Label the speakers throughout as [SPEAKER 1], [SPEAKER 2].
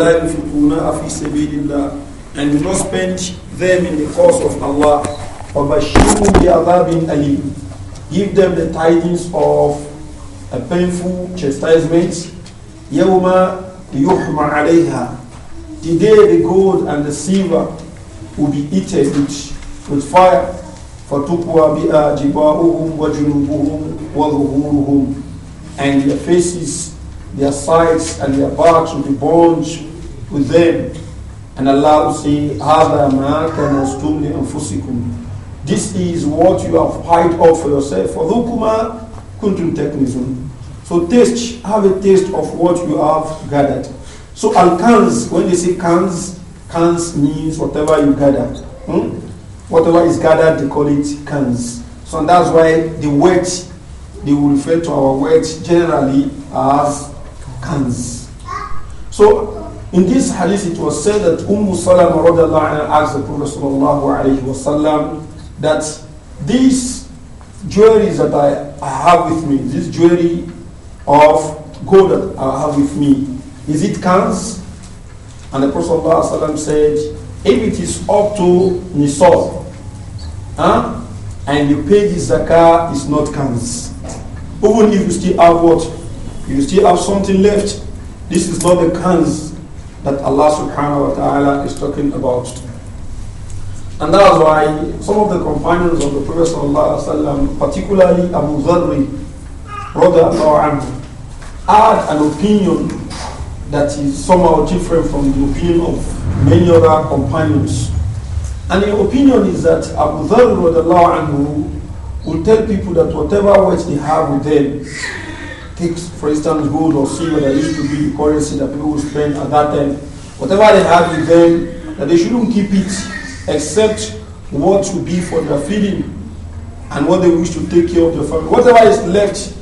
[SPEAKER 1] And do not spend them in the cause of Allah. وَبَشِّرُوا بِعَذَابٍ أَلِيمٍ Give them the tidings of a painful chastisement. يَوْمَ يُحْمَ عَلَيْهَا The day the gold and the silver will be eaten with, with fire. فَتُقْوَى بِهَا جِبَاؤُهُمْ وَجُنُوبُهُمْ وَظُهُورُهُمْ And their faces, their sides, and their backs will be burned with them. And Allah will say, هَذَا مَا for لِأَنفُسِكُمْ This is what you have hide off for yourself. kuma كُنْتُمْ تَكْنِزُونَ So taste, have a taste of what you have gathered. So al-kanz, when they say kanz, kanz means whatever you gather. Hmm? Whatever is gathered, they call it kanz. So that's why the weight, they will refer to our weight generally as kanz. So in this hadith, it was said that Umm Salama asked the Prophet that these jewelries that I, have with me, this jewelry of gold that I have with me, is it cans? And the Prophet ﷺ said, if it is up to nisab, huh, and you pay the zakah, it's not cans. Even if you still have what? You still have something left. This is not the cans that Allah subhanahu wa ta'ala is talking about. And that is why some of the companions of the Prophet sallallahu alaihi wasallam, particularly Abu Dharr, anhu, had an opinion that is somehow different from the opinion of many other companions. And the opinion is that Abu Dharr anhu will tell people that whatever words they have with them, takes, for instance, gold or silver that used to be the currency that people would spend at that time. Whatever they have with them, that they shouldn't keep it except what to be for their feeding and what they wish to take care of their family. Whatever is left,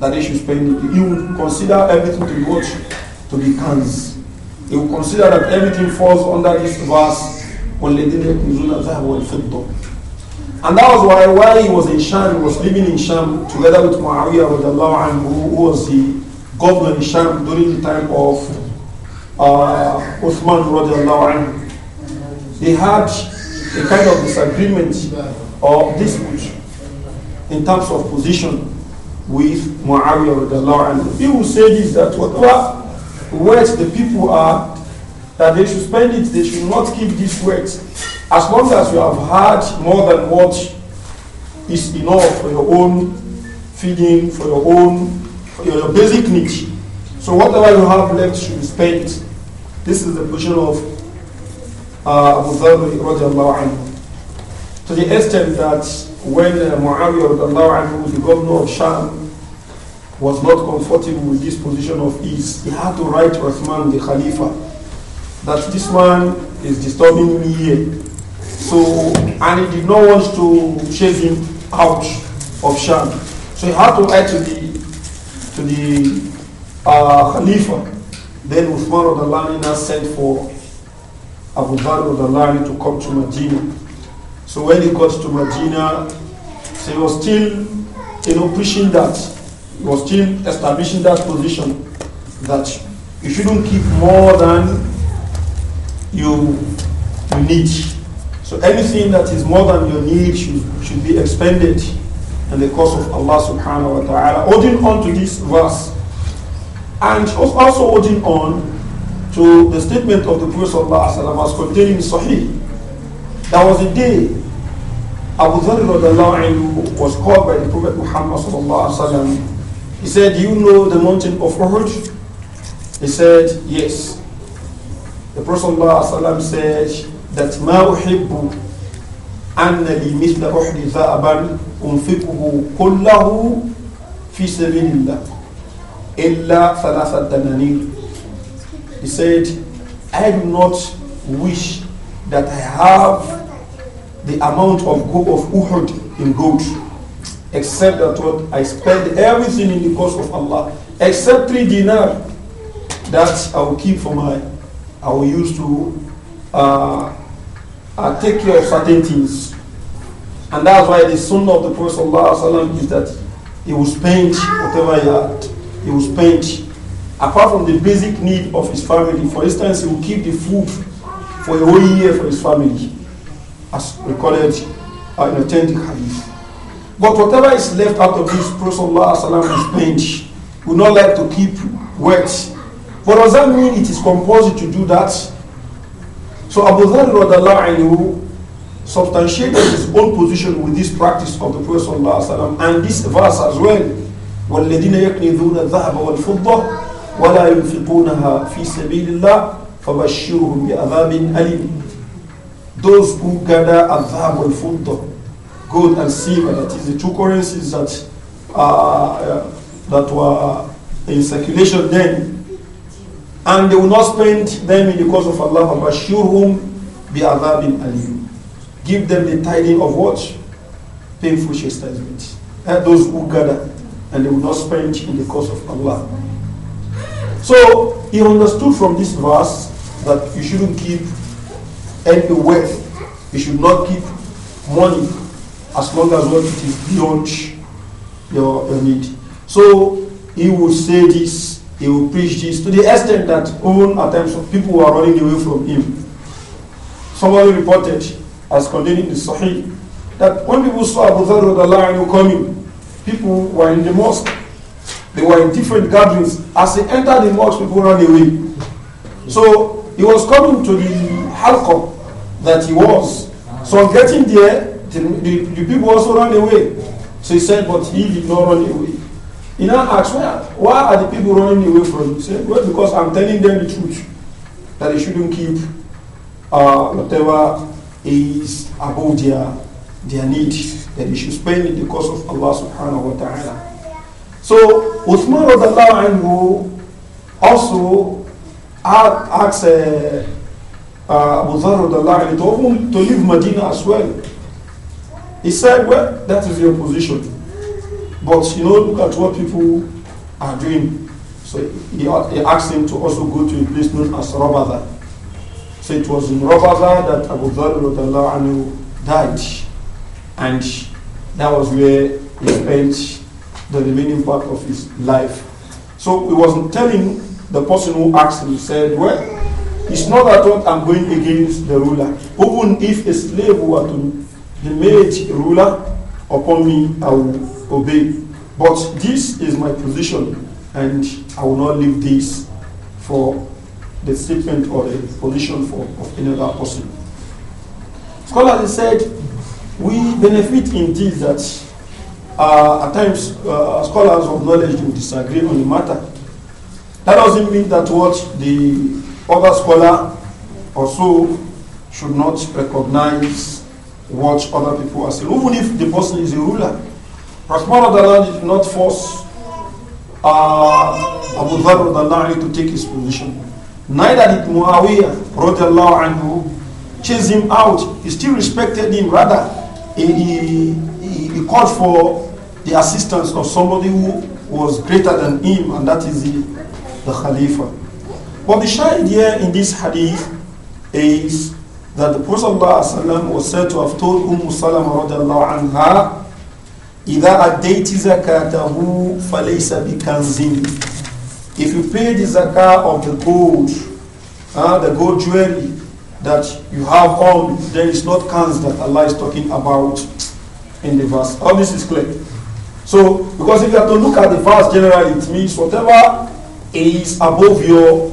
[SPEAKER 1] that they should spend it. He would consider everything to be what? To be cans. He would consider that everything falls under this verse. And that was why while he was in Sham, he was living in Sham together with Muawiyah and who was the governor in Sham during the time of uh, Uthman anhu. They had a kind of disagreement or dispute in terms of position with Muawiyah anhu. People say this, that whatever words the people are, that they should spend it, they should not keep this words as long as you have had more than what is enough for your own feeding, for your own, for your, your basic need. So whatever you have left, should be spent. This is the position of uh, Abu Dharr radiallahu anhu. To the extent that when uh, Muawiyah radiallahu anhu, the governor of Sham, was not comfortable with this position of ease, he had to write to Uthman the Khalifa that this man is disturbing me here. So, and he did not want to chase him out of Sham. So he had to add to the to the uh, Khalifa. Then Uthman Radalani now sent for Abu Bakr Radalani to come to Medina. So when he got to Medina, so he was still you know, pushing that. He was still establishing that position that you shouldn't keep more than you, you need. So anything that is more than your need should, should be expended in the cause of Allah subhanahu wa ta'ala. Holding on to this verse and also holding on to the statement of the Prophet sallallahu alaihi wasallam as contained in Sahih. That was a day Abu Dharr was called by the Prophet Muhammad sallallahu alaihi wasallam. He said, "You know the mountain of Uhud?" He said, "Yes." The Prophet sallallahu alaihi wasallam said that ma uhibbu anna li mithla uhdi za'aban unfiquhu kullahu fi sabilillah illa thalathat dananir he said i do not wish that i have the amount of gold of uhud in gold except that what i spend everything in the cause of allah except three dinar that i will keep for my i will use to uh, I take care of certain things. And that's why the sunnah of the Prophet ﷺ is that he will spend whatever he had, he will spend. Apart from the basic need of his family, for instance, he will keep the food for a whole year for his family, as recorded uh, in authentic hadith. But whatever is left out of this, Prophet ﷺ will spend. would not like to keep wet. But does that mean it is compulsory to do that? So Abu Dharr substantiated his own position with this practice of the Prophet ﷺ, and this verse as well. والذين الذهب والفضة ولا ينفقونها في سبيل الله فبشرهم أليم Those who gather الذهب والفضة gold and silver that is the two currencies that uh, uh that were in circulation then and they will not spend them in the cause of Allah. whom be Allah adhabin alim. Give them the tidings of what? Painful chastisement. And those who gather and they will not spend in the cause of Allah. So he understood from this verse that you shouldn't keep any wealth, you should not keep money as long as what it is beyond your, your need. So he will say this he will preach this to the extent that even attention of people were running away from him. Somebody reported, as contained in the Sahih, that when people saw Abu Dharr coming, people were in the mosque. They were in different gatherings. As he entered the mosque, people ran away. So he was coming to the halqa that he was. So on getting there, the, the, the people also ran away. So he said, but he did not run away. He now asks, why, why are the people running away from you? He said, well, because I'm telling them the truth that they shouldn't keep uh, whatever is above their, their need, that they should spend in the cause of Allah subhanahu wa ta'ala. So Uthman anhu also asked uh, uh, Abu Dharr to leave Medina as well. He said, well, that is your position. But you know, look at what people are doing. So he, he asked him to also go to a place known as Rabada. So it was in Rabada that Abu Dharr died. And that was where he spent the remaining part of his life. So he was telling the person who asked him, said, Well, it's not that what I'm going against the ruler. Even if a slave were to be made ruler upon me, I will obey. But this is my position, and I will not leave this for the statement or the position for, of another person. Scholars said we benefit in this that uh, at times uh, scholars of knowledge will disagree on the matter. That doesn't mean that what the other scholar also should not recognize what other people are saying, even if the person is a ruler. Rahman did not force uh, Abu Dharr to take his position. Neither did Muawiyah chase him out. He still respected him. Rather, he, he, he called for the assistance of somebody who was greater than him, and that is the, the Khalifa. But the shahid here in this hadith is that the Prophet was said to have told Umm Salama anha إِذَا أَدَّيْتِ زَكَاتَهُ فَلَيْسَ بِكَنْزٍ If you pay the zakah of the gold, uh, the gold jewelry that you have on, there is not cans that Allah is talking about in the verse. All this is clear. So, because if you have to look at the verse generally, it means whatever is above your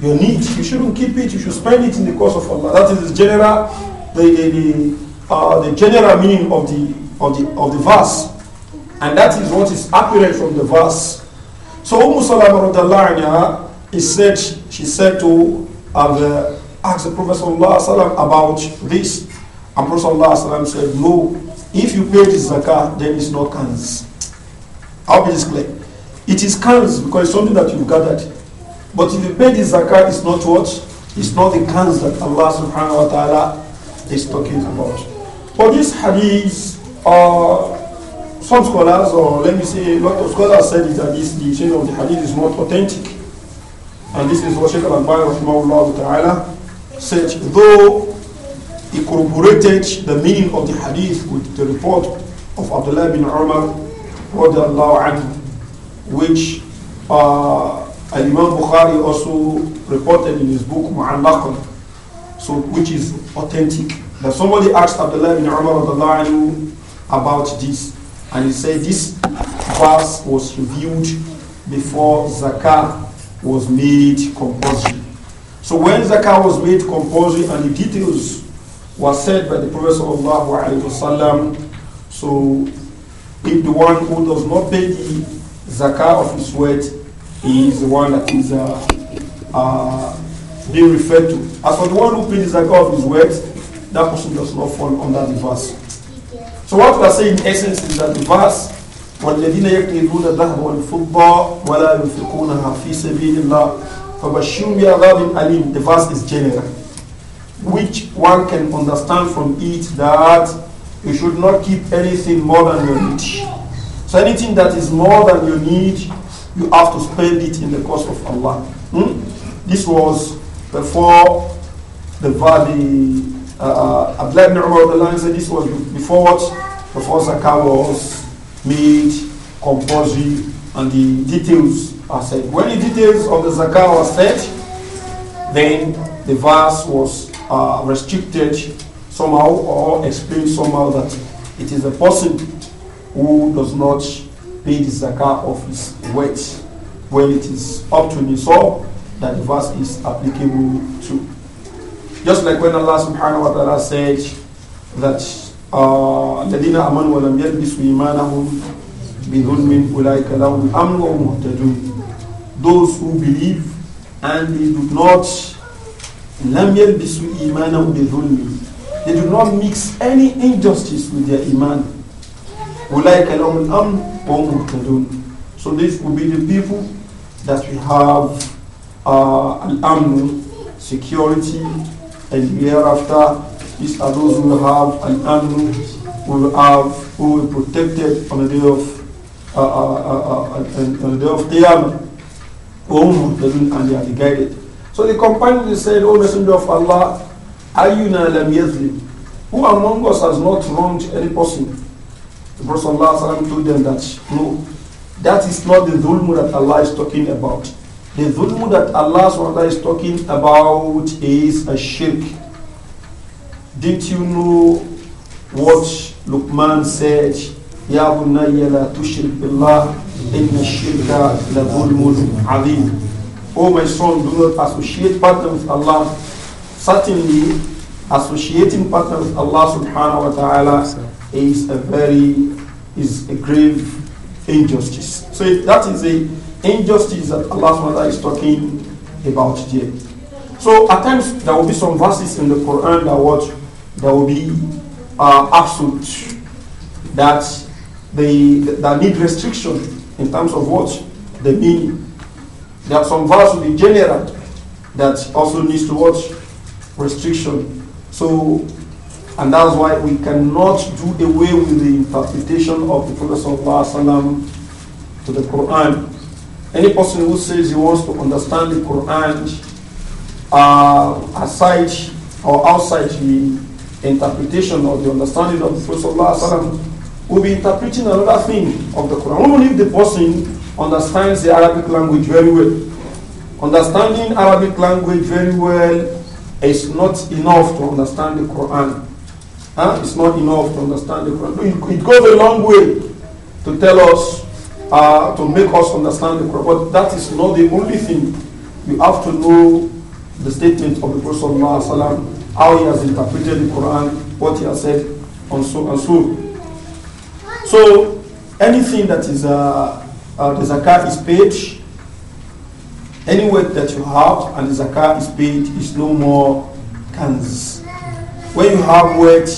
[SPEAKER 1] your need, you shouldn't keep it. You should spend it in the cause of Allah. That is the general, the the, the, uh, the general meaning of the of the, of the verse. And that is what is apparent from the verse. So Umm Salama is said, she said to uh, ask the Prophet sallam, about this. And Prophet sallam, said, No, if you pay this zakah, then it's not kans. I'll be this clear. It is kans because it's something that you've gathered. But if you pay this zakah, it's not what? It's not the kans that Allah subhanahu wa ta'ala is talking about. For this hadith, uh, some scholars, or let me say, a lot of scholars said that this chain of the hadith is not authentic. And this is what Sheikh Al-Albani ta'ala said, though he corroborated the meaning of the hadith with the report of Abdullah bin Umar anhu, which uh, Imam Bukhari also reported in his book Mu'allaqan, so which is authentic. That somebody asked Abdullah bin Umar anhu, about this. And he said this verse was revealed before zakah was made compulsory. So when zakah was made compulsory and the details were said by the Prophet sallallahu alaihi wasallam, so if the one who does not pay the zakah of his wealth is the one that is uh, uh, being referred to. As for the one who pays the zakah of his wealth, that person does not fall under the verse. So what we are saying in essence is that the verse والذين يكنزون الذهب والفضة ولا ينفقونها في سبيل الله فبشرهم بعذاب أليم The verse is general which one can understand from it that you should not keep anything more than you need. So anything that is more than you need, you have to spend it in the cause of Allah. Hmm? This was before the, the uh, Abdullah ibn Umar the line said this was before what? Before was made compulsory and the details are said. When the details of the Zakah set, said, then the verse was uh, restricted somehow or explained somehow that it is a person who does not pay the Zakah of his wealth when it is up to so that the verse is applicable to. Just like when Allah subhanahu wa ta'ala says that uh, الَّذِينَ أَمَنُوا وَلَمْ يَلْبِسُوا إِيمَانَهُمْ بِظُلْمٍ أُولَٰئِكَ لَهُمْ أَمْنُ وَمُهْتَدُونَ Those who believe and they do not لَمْ يَلْبِسُوا إِيمَانَهُمْ بِظُلْمٍ They do not mix any injustice with their iman. أُولَٰئِكَ لَهُمْ الْأَمْنُ وَمُهْتَدُونَ So these will be the people that we have uh, al-amn, security, and hereafter these are those who have an animal who have who will be protected on the day of uh, uh, uh, uh on the day of Qiyamah whom doesn't and they are guided. So the companions said, O Messenger of Allah, Ayuna lam yazlim. Who among us has not wronged any person? The Prophet told them that no, that is not the dhulm that Allah is talking about. The dhulm that Allah SWT is talking about is a shirk. Did you know what Luqman said? Ya bunayya la tushrik billah inna shirka la dhulmun azim. Oh my son, do not associate partner with Allah. Certainly, associating partner with Allah subhanahu wa ta'ala is a very, is a grave injustice. So that is a injustice that Allah SWT is talking about here. So at times there will be some verses in the Quran that what there will be uh, absolute that they that need restriction in terms of what the meaning. There are some verses will be general that also needs to watch restriction. So and that's why we cannot do away with the interpretation of the Prophet to the Quran any person who says he wants to understand the Quran uh, aside or outside the interpretation or the understanding of the Prophet will be interpreting another thing of the Quran. Only if the person understands the Arabic language very well. Understanding Arabic language very well is not enough to understand the Quran. Huh? It's not enough to understand the Quran. It, it goes a long way to tell us uh, to make us understand the Quran. But that is not the only thing. You have to know the statement of the Prophet ﷺ, how he has interpreted the Quran, what he has said, and so and so. So anything that is uh, uh, the zakat is paid, any work that you have and the zakat is paid is no more kanz. When you have work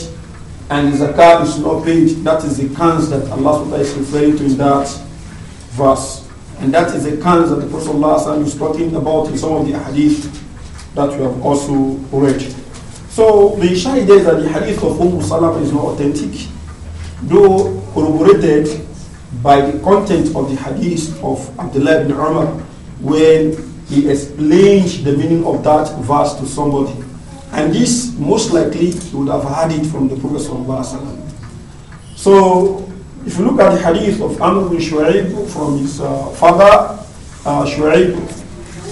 [SPEAKER 1] and the zakat is not paid, that is the kanz that Allah is referring to in that verse. And that is the kanz that the Prophet ﷺ is talking about in some of the hadith that we have also read. So the shahid is that the hadith of Umm Salama is not authentic, though corroborated by the content of the hadith of Abdullah ibn Umar when he explained the meaning of that verse to somebody. And this most likely he would have had it from the Prophet. ﷺ. So if you look at the hadith of Amr bin Shu'aib from his uh, father, uh, Shu'aib,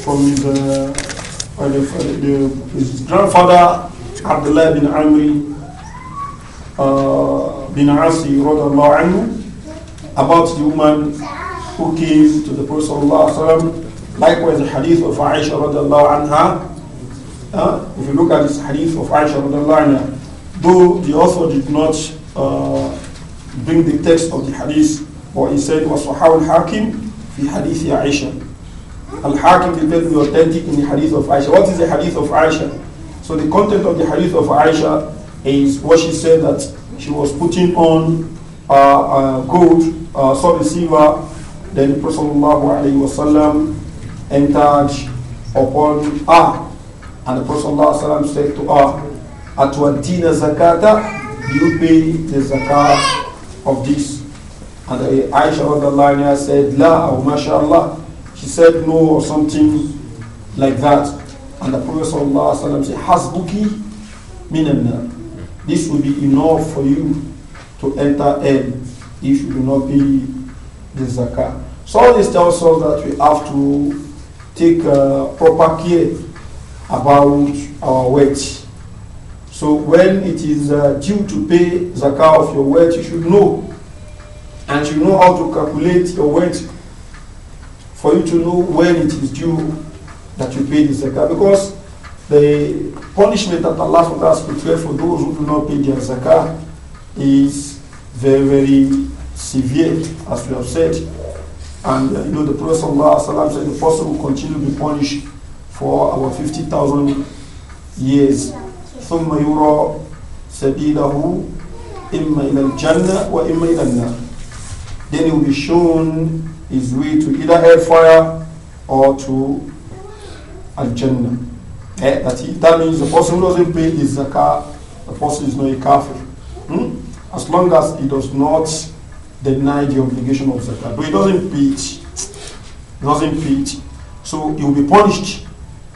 [SPEAKER 1] from his, uh, uh the, uh, the, his grandfather, Abdullah bin Amri uh, bin Asi, about the woman who came to the Prophet sallam, Likewise, the hadith of Aisha radallahu anha. Uh, if you look at this hadith of Aisha radallahu anha, though the author did not uh, bring the text of the hadith. Or he said, was, وَصَحَاوُ الْحَاكِمْ فِي Aisha. عَيْشَةٍ Al-Hakim is said authentic in the hadith of Aisha. What is the hadith of Aisha? So the content of the hadith of Aisha is what she said that she was putting on uh, uh, gold, uh, sorry, silver. Then the Prophet wasallam entered upon her. And the Prophet wasallam said to her, Atwadina zakata, you pay the zakat of this. And uh, Aisha said, La or oh, mashallah. She said no or something like that. And the Prophet said, Hasbuki minanna. This will be enough for you to enter in. if you do not be the zakah. So all this tells us that we have to take uh, proper care about our weight. So when it is uh, due to pay zakah of your wealth, you should know. And you know how to calculate your wealth for you to know when it is due that you pay the zakah. Because the punishment that Allah has prepared for those who do not pay their zakah is very, very severe, as we have said. And uh, you know, the Prophet ﷺ said the person will continue to be punished for about 50,000 years. ثم يرى سبيله إما إلى الجنة وإما إلى النار then he will be shown his way to either hellfire or to Al-Jannah eh, that, that means the person who doesn't pay his zakah the person is not a kafir hmm? as long as he does not deny the obligation of zakat but he doesn't pay it he doesn't pay it so he will be punished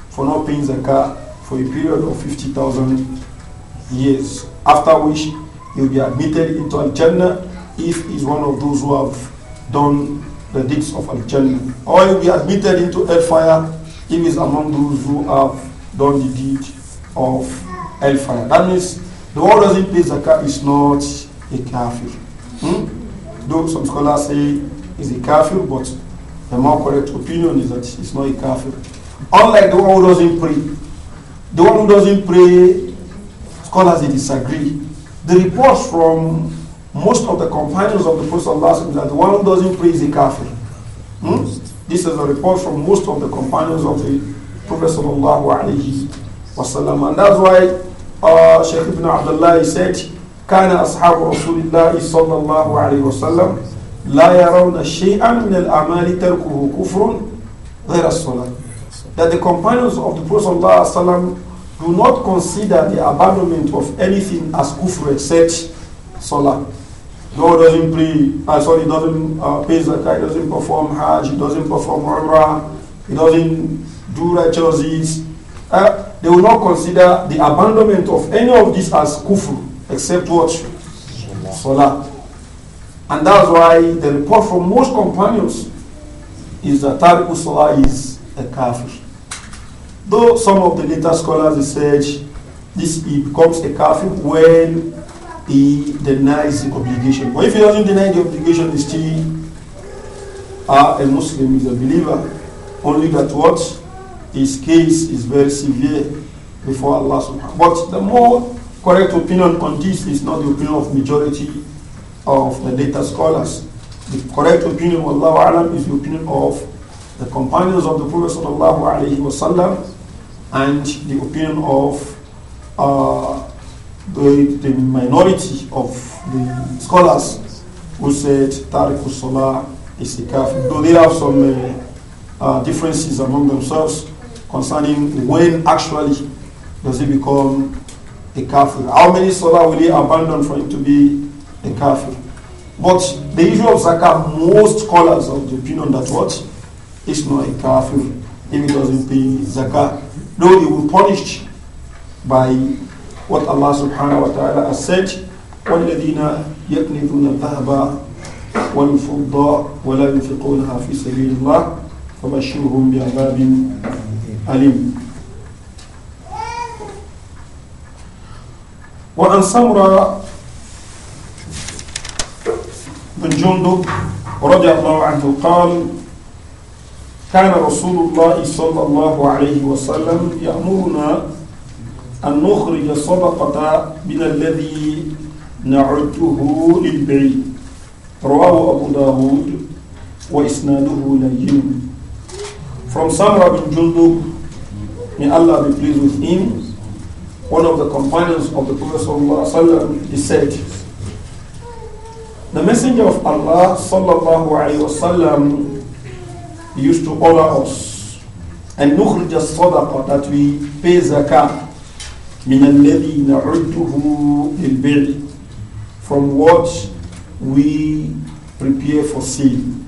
[SPEAKER 1] for not paying zakat for a period of 50,000 years, after which he'll be admitted into Al Jannah if he's one of those who have done the deeds of Al Jannah. Or he'll be admitted into hellfire if he's among those who have done the deed of hellfire. That means the one who doesn't pay zakat is not a kafir. Hmm? Though some scholars say he's a kafir, but the more correct opinion is that it's not a kafir. Unlike the one who doesn't pray, the one who doesn't pray, scholars they disagree. The reports from most of the companions of the Prophet Allah that the one who doesn't pray is a kafir. Hmm? This is a report from most of the companions of the Prophet Sallallahu Alaihi Wasallam. And that's why uh, Shaykh ibn Abdullah said, كان أصحاب رسول الله صلى الله عليه وسلم لا يرون شيئا من الأعمال تركه كفر غير الصلاة that the companions of the Prophet ﷺ do not consider the abandonment of anything as kufr except salah. God doesn't pray, uh, sorry, doesn't uh, pay zakat, doesn't perform hajj, he doesn't perform umrah, he doesn't do righteous deeds. Uh, they will not consider the abandonment of any of this as kufr except what? Salah. salah. And that's why the report from most companions is that Tariq Salah is a kafir. Though some of the later scholars research this he becomes a kafir when he denies the obligation. But if he doesn't deny the obligation, he's still uh, a Muslim, he's a believer. Only that what his case is very severe before Allah subhanahu But the more correct opinion on this is not the opinion of majority of the later scholars. The correct opinion, of Allah is the opinion of the companions of the Prophet Sallallahu Alaihi Wasallam and the opinion of uh, the, the minority of the scholars who said Tariq Salah is a kafir. Though they have some uh, uh, differences among themselves concerning when actually does he become a kafir. How many Salah will he abandon for him to be a kafir? But the issue of zakah, most scholars of the opinion that what is not a kafir if he doesn't pay zakat. Though he will be punished by what Allah subhanahu wa ta'ala has said, وَالَّذِينَ يَكْنِذُونَ الذَّهَبَ والفضة ولا ينفقونها في سبيل الله فبشرهم بعذاب أليم وعن سمرة بن جندب رضي الله عنه قال كان رسول الله صلى الله عليه وسلم يأمرنا أن نخرج صدقة من الذي نعده للبيع رواه أبو داود وإسناده لين From Samra bin Jundub, may Allah be pleased with him, one of the companions of the Prophet الله he said, The Messenger of Allah صلى الله عليه وسلم. He used to order us. And نخرج الصدقة that we pay zakah من الذي نعده للبر from what we prepare for sin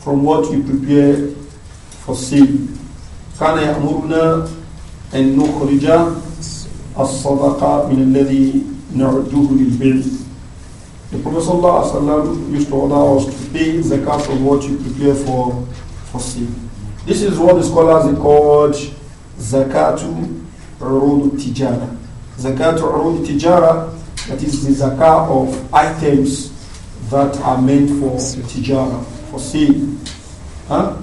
[SPEAKER 1] from what we prepare for sin كان يأمرنا أن نخرج الصدقة من الذي نعده للبر The Prophet ﷺ used to order us to pay zakat from what you prepare for for This is what the scholars called zakatu urud tijara. Zakatu urud tijara, that is the zakah of items that are meant for tijara, for sale. Huh?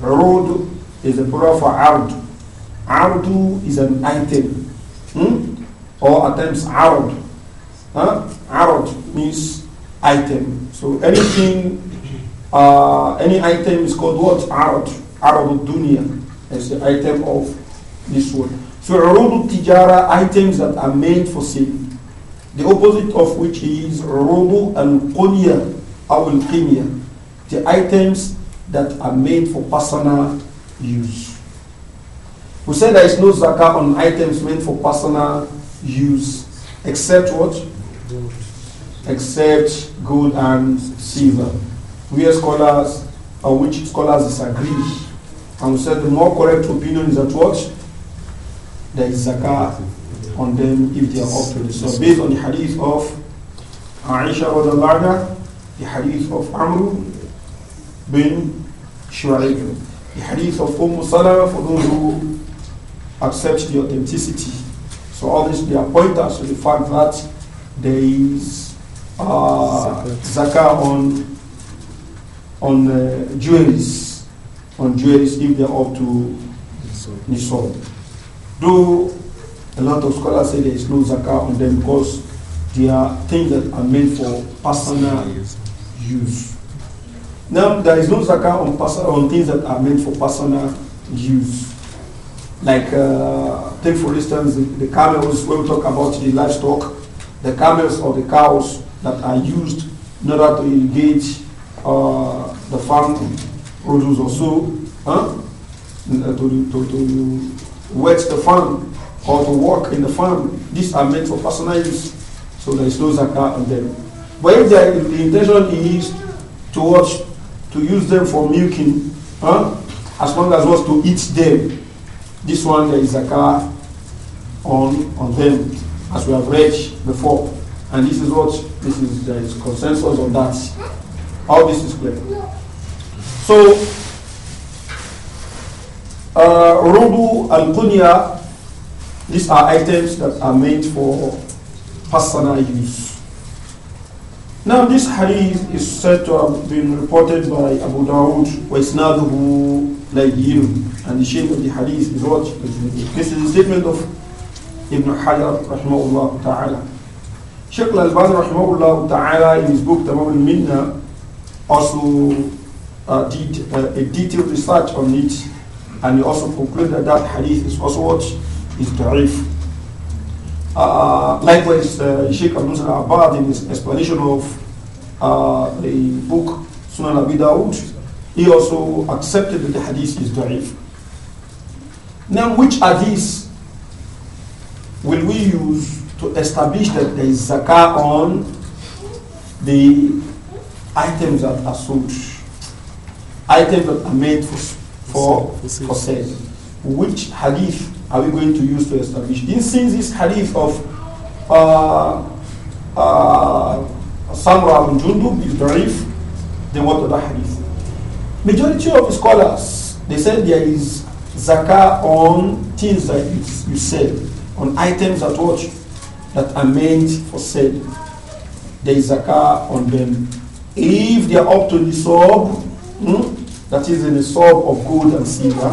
[SPEAKER 1] Urud is a plural for ard. Ardu is an item. Hmm? Or at times ard. Huh? Ard means item. So anything uh, any item is called what? Arad. Arad dunya. It's the item of this world. So urud tijara, items that are made for sale. The opposite of which is urud and qunya or al-qinya. The items that are made for personal use. We say there is no zakah on items made for personal use, except what? Except gold and silver where scholars on which scholars disagree. And said the more correct opinion is at what? There is zakah on them if they are up to this. So based on the hadith of Aisha Radallahu the hadith of Amr bin Shu'aib, the hadith of Umm for those who accept the authenticity. So all these they are pointers to the fact that there is uh, zakah on on uh, on jewelries if they are up to nisab. Though a lot of scholars say there is no zakah on them because they are things that are meant for personal use. Now there is no zakah on, on things that are meant for personal use. Like uh, take for instance the, the camels when we talk about the livestock, the camels or the cows that are used in order to engage uh, the farm produce so, huh? to, to, to wet the farm or to work in the farm. These are meant for personal use, so there is no zakah on them. But if the, the intention is to watch, to use them for milking, huh? as long as was to eat them, this one there is zakah on, on them, as we have read before. And this is what this is there is consensus on that. All this is clear. So, uh, rubu and kunya, these are items that are meant for personal use. Now, this hadith is said to have been reported by Abu Dawud, وَإِسْنَادُهُ لَيِّنُ And the shape of the hadith is what? This is a statement of Ibn Hajar, rahimahullah ta'ala. Sheikh Al-Albani, rahimahullah ta'ala, in his book, Tamam al-Minna, also uh, did uh, a detailed research on it, and he also concluded that hadith is also what is tarif. Uh, likewise, uh, Sheikh Abdul Abad, in his explanation of uh, the book Sunan Abi Dawud, he also accepted that the hadith is tarif. Now, which hadith will we use to establish that there is zakah on the items that are sold? items that are made for, for, for sale. Which hadith are we going to use to establish this? Since this hadith of uh, uh, Samra bin Jundub is da'if, then what other hadith? Majority of scholars, they said there is zakah on things that you, you sell, on items that what that are meant for sale. There is zakah on them. If they are up to sub hmm? that is the nisab of gold and silver,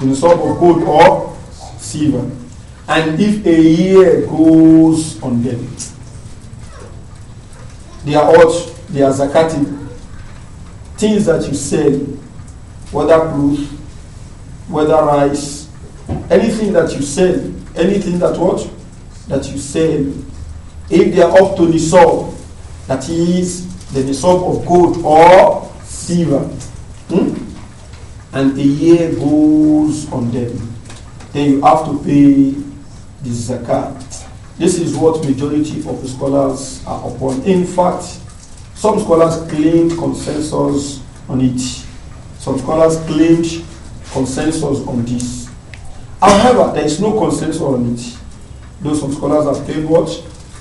[SPEAKER 1] the nisab of gold or silver. And if a year goes on them, they are out. they are zakat. Things that you sell, whether clothes, whether rice, anything that you sell, anything that what? That you sell. If they are up to nisab, that is the nisab of gold or silver and a year goes on them. Then you have to pay the zakat. This is what majority of the scholars are upon. In fact, some scholars claim consensus on it. Some scholars claim consensus on this. However, there is no consensus on it. Though some scholars have claimed what?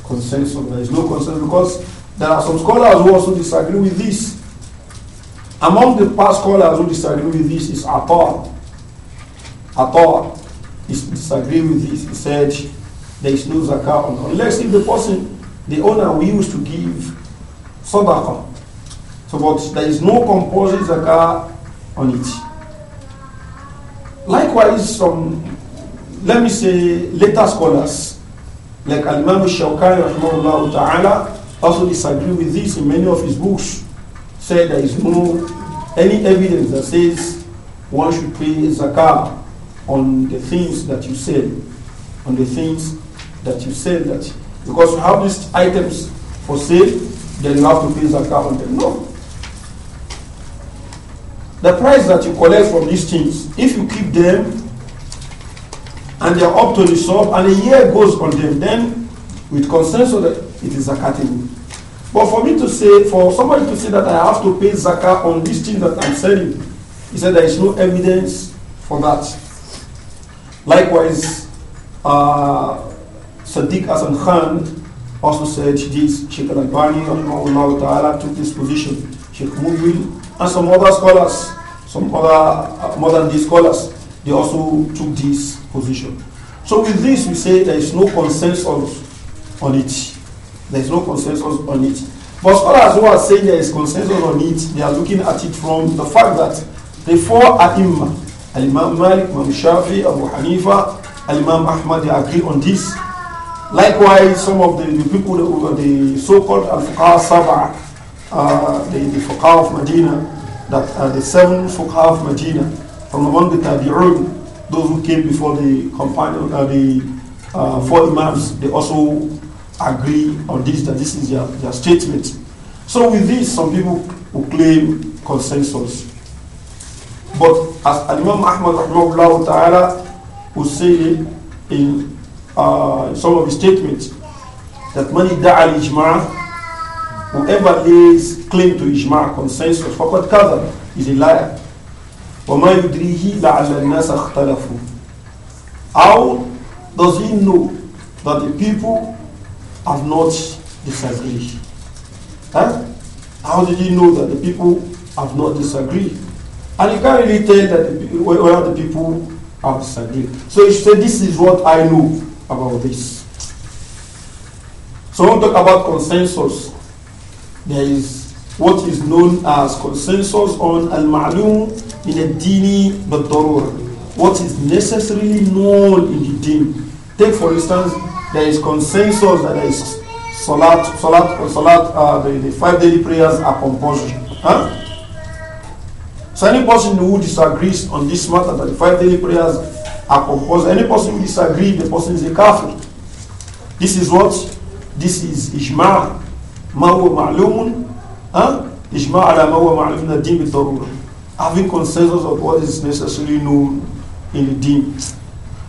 [SPEAKER 1] Consensus. There is no consensus because there are some scholars who also disagree with this. Among the past scholars who disagree with this is Atar. Atar is disagree with this. He said there is no zakah on unless if the person, the owner, used to give sadaqah. So, but there is no compulsory zakah on it. Likewise, some, let me say, later scholars like Al-Imam Shawkani, also disagree with this in many of his books said there is no any evidence that says one should pay zakah on the things that you sell, on the things that you sell that because you have these items for sale, then you have to pay zakah on them. No. The price that you collect from these things, if you keep them and they are up to the shop and a year goes on them, then with consensus that it is zakatable. But for me to say, for somebody to say that I have to pay zakah on this thing that I'm selling, he said there is no evidence for that. Likewise, uh, Sadiq Hassan Khan also said this. Sheikh Al-Albani ta'ala, took this position. Sheikh Mubin and some other scholars, some other uh, modern these scholars, they also took this position. So with this, we say there is no consensus on it. There's no consensus on it. But scholars who are saying there is consensus on it, they are looking at it from the fact that the four A'imma, Al-Imam Malik, Imam Shafi, Abu Hanifa, Al-Imam Ahmad, they agree on this. Likewise, some of the, the people, the, the so-called Al-Fuqaha Sabah, uh, the, the of Medina, that are the seven Fuqaha of Medina, from among the Tabi'un, those who came before the companion, uh, the uh, four Imams, they also agree on this, that this is their, their statement. So with this, some people who claim consensus. But as Imam Ahmad rahimahullah ta'ala would say in uh, some of his statements, that many da'a ijma whoever lays claim to ijma consensus, faqad Kaza is a liar. وَمَا يُدْرِيهِ لَعَلَّ النَّاسَ اخْتَلَفُوا How does he know that the people have not disagreed. Huh? How did he know that the people have not disagreed? And you can't really tell that the, whether the people have disagreed. So he said, This is what I know about this. So when we talk about consensus, there is what is known as consensus on al-ma'lum in ad-dini bad What is necessarily known in the deen. Take for instance there is consensus that there is salat, salat, salat, uh, the, the, five daily prayers are compulsory. Huh? So any person who disagrees on this matter that the five daily prayers are compulsory, any person who disagrees, the person is a kafir. This is what? This is ijma' ma ma'lumun, ijma' ala ma ma'lumun ad-din Having consensus of what is necessarily known in the deen.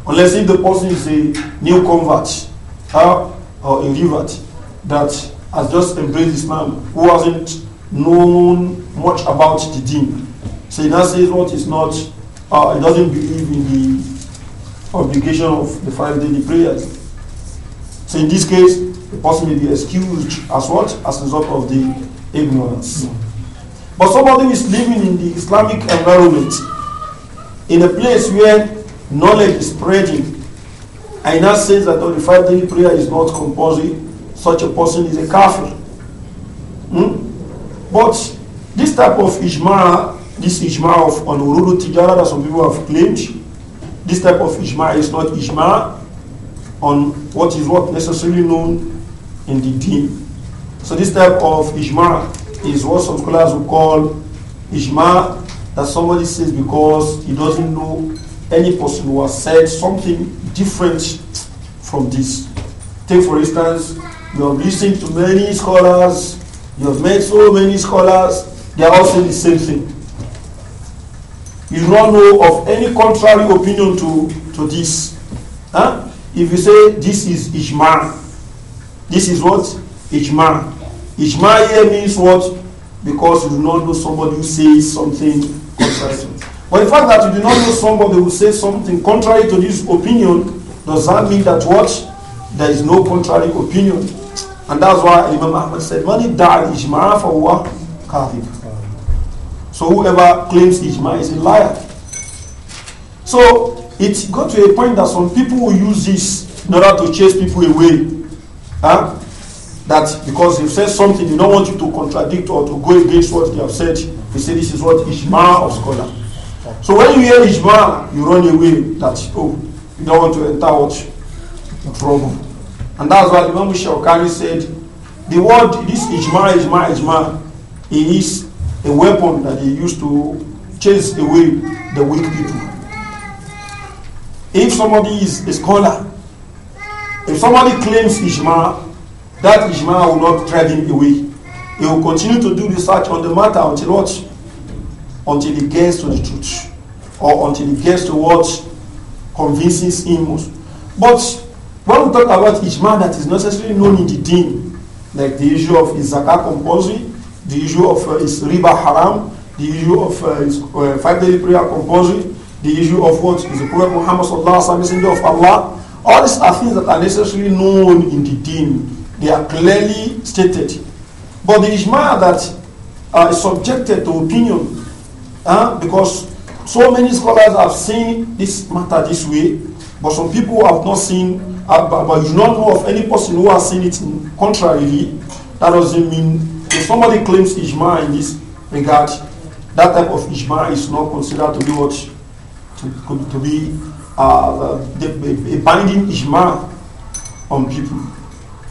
[SPEAKER 1] Unless if the person is a new convert uh, or a revert that has just embraced Islam, who hasn't known much about the deen. So in now says what is not, uh, it doesn't believe in the obligation of the five daily prayers. So in this case, the person may be excused as what? As a result of the ignorance. Mm But somebody who is living in the Islamic environment, in a place where knowledge is spreading, I now says that only five daily prayer is not compulsory, such a person is a kafir. Hmm? But this type of ijma, this ijma of on ururu tijara that some people have claimed, this type of ijma is not ijma on what is not necessarily known in the deen. So this type of ijma is what some scholars would call ijma that somebody says because he doesn't know any person who has said something different from this. Take, for instance, you have listened to many scholars, you have met so many scholars, they are all saying the same thing. You don't know of any contrary opinion to, to this. Huh? If you say this is Ijma, this is what? Ijma. Ijma here means what? Because you do not know somebody who says something contrary but the fact that you do not know somebody who says something contrary to this opinion, does that mean that what? There is no contrary opinion. And that's why Imam Ahmad said, Mani da'al for what kafir. So whoever claims ijma is a liar. So it got to a point that some people will use this in order to chase people away. Huh? That because they've said something, they don't want you to contradict or to go against what they have said. They say this is what ijma of scholar. So when you hear Ijma, you run away that, oh, you don't want to enter what? Trouble. And that's why Imam Shawkani said, the word, this Ijma, Ijma, Ijma, it is a weapon that he used to chase away the weak people. If somebody is a scholar, if somebody claims Ijma, that Ijma will not drive him away. He will continue to do research on the matter until what? Until he gets to the truth or until he gets to what convinces him most. But when we talk about ijma that is necessarily known in the deen, like the issue of his zakah compulsory, the issue of uh, his riba haram, the issue of uh, his uh, five daily prayer compulsory, the issue of what is the Prophet Muhammad sallallahu messenger of Allah. All these are things that are necessarily known in the deen. They are clearly stated. But the ijma that uh, is subjected to opinion uh, because so many scholars have seen this matter this way, but some people have not seen, but, but you not know of any person who has seen it contrarily. That doesn't mean if somebody claims Ijma in this regard, that type of Ijma is not considered to be what? To, to be uh, a binding Ijma on people.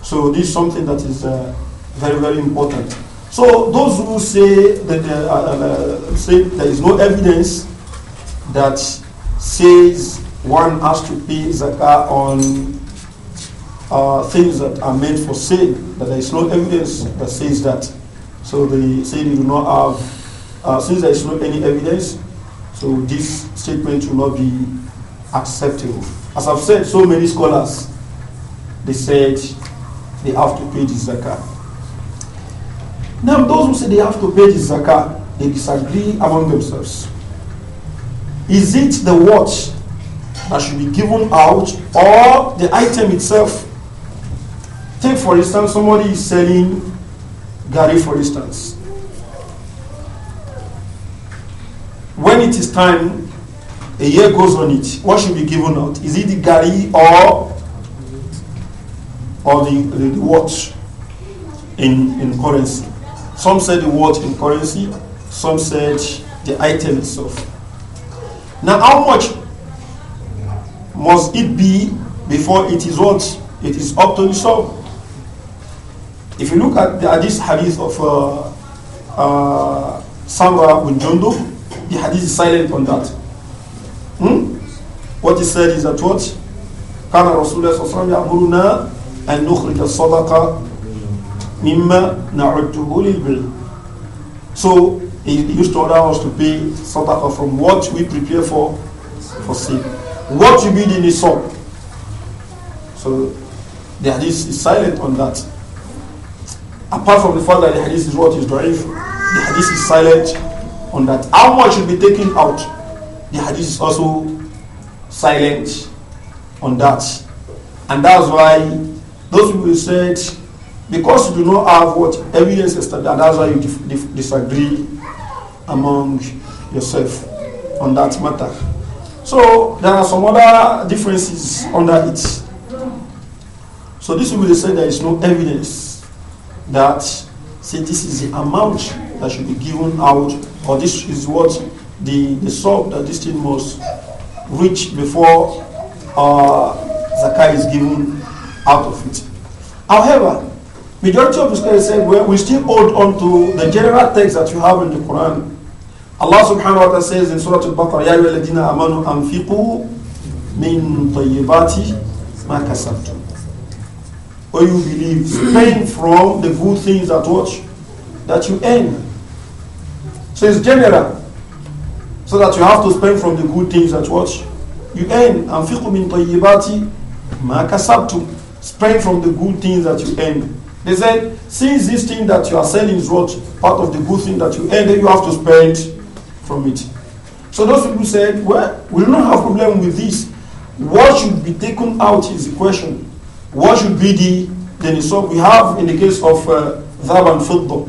[SPEAKER 1] So this is something that is uh, very, very important. So those who say that uh, uh, uh say there is no evidence that says one has to pay zakah on uh, things that are made for sale, but there is no evidence that says that. So they say they do not have, uh, since there is no any evidence, so this statement will not be acceptable. As I've said, so many scholars, they said they have to pay the zakah. Now those who say they have to pay the zakah, they disagree among themselves. Is it the watch that should be given out or the item itself? Take, for instance, somebody is selling Gary, for instance. When it is time, a year goes on it. What should be given out? Is it the Gary or or the, the, the watch in, in currency? Some said the watch in currency, some said the item itself. Now, how much must it be before it is what? It is up to nisab. If you look at the hadith, hadith of uh, uh, Samra bin Jundub, the hadith is silent on that. Hmm? What he said is that what? كان رسول الله صلى الله عليه وسلم يأمرنا أن نخرج الصدقة مما نعده للبر. So he used to order us to pay sadaqah from what we prepare for for sin. What you need in the soul. So the hadith is silent on that. Apart from the fact that the hadith is what is da'if, the hadith is silent on that. How much should be taken out? The hadith is also silent on that. And that's why those people said, because you do not have what evidence is that, that's why you disagree among yourself on that matter. So there are some other differences under it. So this will say there is no evidence that say this is the amount that should be given out or this is what the, the sum that this thing must reach before uh, zakah is given out of it. However, majority of the scholars say well, we still hold on to the general text that you have in the Quran Allah subhanahu wa ta'ala says in Surah Al-Baqarah, أيها الذين amanu أنفقوا min tayyibati ما كسبتم. Or you believe, spend from the good things that watch, that you earn. So it's general. So that you have to spend from the good things that watch, you earn. Anfiqu min tayyibati ma kasabtum. Spend from the good things that you earn. They said, since this thing that you are selling is what part of the good thing that you earn, then you have to spend from it. So those people said, well, we do not have problem with this. What should be taken out is the question. What should be the, the nisab? We have in the case of uh, and Fiddah,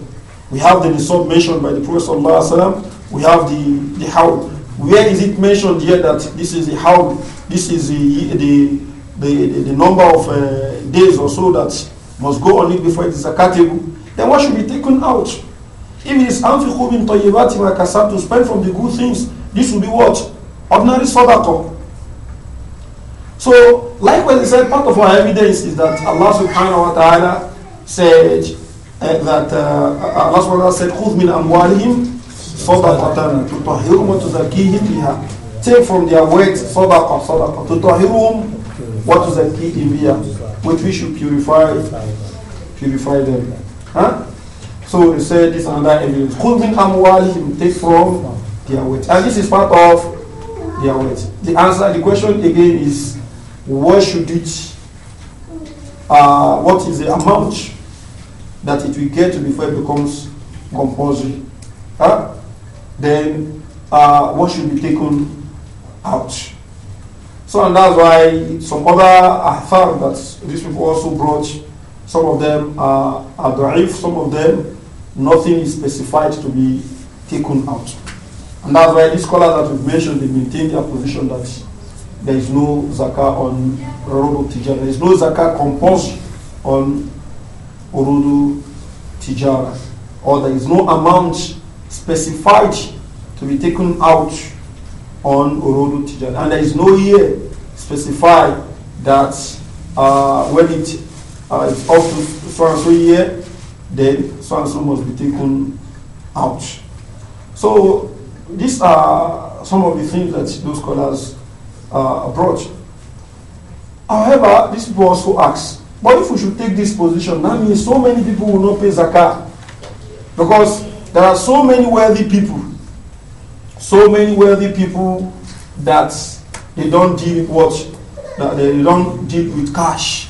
[SPEAKER 1] we have the nisab mentioned by the Prophet we have the, the how. Where is it mentioned here that this is the how, this is the, the, the, the number of uh, days or so that must go on it before it is zakatable? Then what should be taken out? If it is anfiqu min tayyibati ma kasab to spend from the good things, this will be what? Ordinary sadaqah. So, likewise, he said part of our evidence is that Allah subhanahu wa ta'ala said uh, that eh, uh, Allah subhanahu wa ta'ala said, خُذْ مِنْ أَمْوَالِهِمْ صَدَقَةً تُطَهِرُهُمْ وَتُزَكِّيهِمْ بِهَا Take from their words صَدَقَة صَدَقَة تُطَهِرُهُمْ وَتُزَكِّيهِمْ بِهَا With which you purify, purify them. Huh? So he said this and that evidence. Kulmin amwalihim, take from their wealth. And this is part of their wealth. The answer, the question again is, what should it, uh, what is the amount that it will get before it becomes compulsory? Huh? Then uh, what should be taken out? So and that's why some other found that these people also brought, some of them are, are da'if, some of them nothing is specified to be taken out. And that's why these scholars that we've mentioned, they maintain their position that there is no zakah on urudu tijara. There is no zakah compulsion on urudu tijara. Or there is no amount specified to be taken out on urudu tijara. And there is no year specified that uh, when it uh, is up to so and year, then so and so must be taken out. So these are some of the things that those scholars uh, However, this people also ask, but if we should take this position, that means so many people will not pay zakah because there are so many wealthy people, so many wealthy people that they don't deal with what they don't deal with cash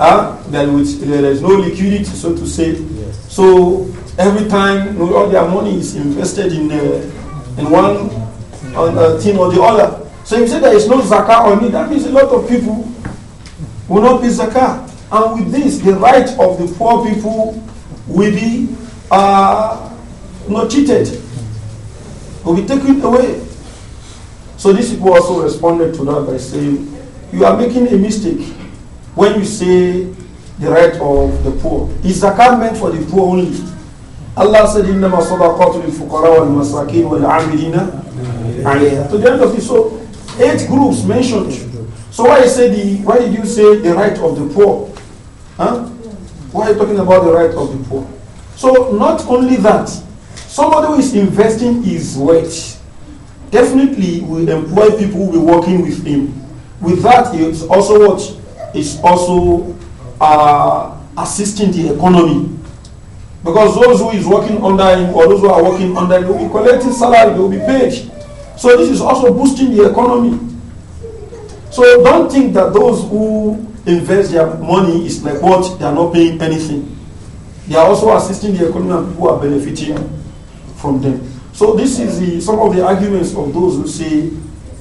[SPEAKER 1] uh, there, is, there is no liquidity, so to say. Yes. So every time all their money is invested in, uh, in one on, thing or the other. So if you say there is no zakah on it, that means a lot of people will not be zakah. And with this, the right of the poor people will be uh, not cheated, will be taken away. So these people also responded to that by saying, you are making a mistake when you say the right of the poor, is zakat meant for the poor only? Allah said, إِنَّمَا صَدَقَاتُ لِلْفُقَرَاءِ وَالْمَسَاكِينِ وَالْعَامِلِينَ عَلَيْهَا To the end of it, so eight groups mentioned. So why, say the, why did you say the right of the poor? Huh? Why are you talking about the right of the poor? So not only that, somebody who is investing his wealth definitely will employ people who will be working with him. With that, he is also what? is also uh, assisting the economy. Because those who is working under him or those who are working under him will be collecting salary, they will be paid. So this is also boosting the economy. So don't think that those who invest their money is like what they are not paying anything. They are also assisting the economy and people are benefiting from them. So this is the, some of the arguments of those who say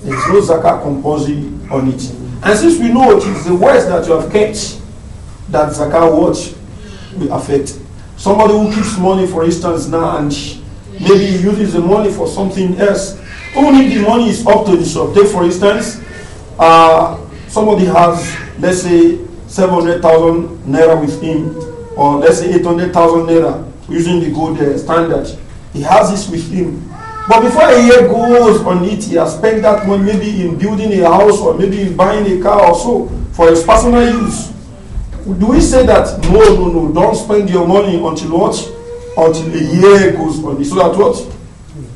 [SPEAKER 1] there is no zakat composing on it. And since we know it is the words that you have kept that Zakah watch will affect. Somebody who keeps money, for instance, now and maybe he uses the money for something else. Only the money is up to the shop. Take, for instance, uh, somebody has, let's say, 700,000 naira with him, or let's say 800,000 naira using the gold uh, standard. He has this with him. But before a year goes on it, he has spent that money maybe in building a house or maybe in buying a car or so for his personal use. Do we say that no, no, no, don't spend your money until what? Until a year goes on it. So that what?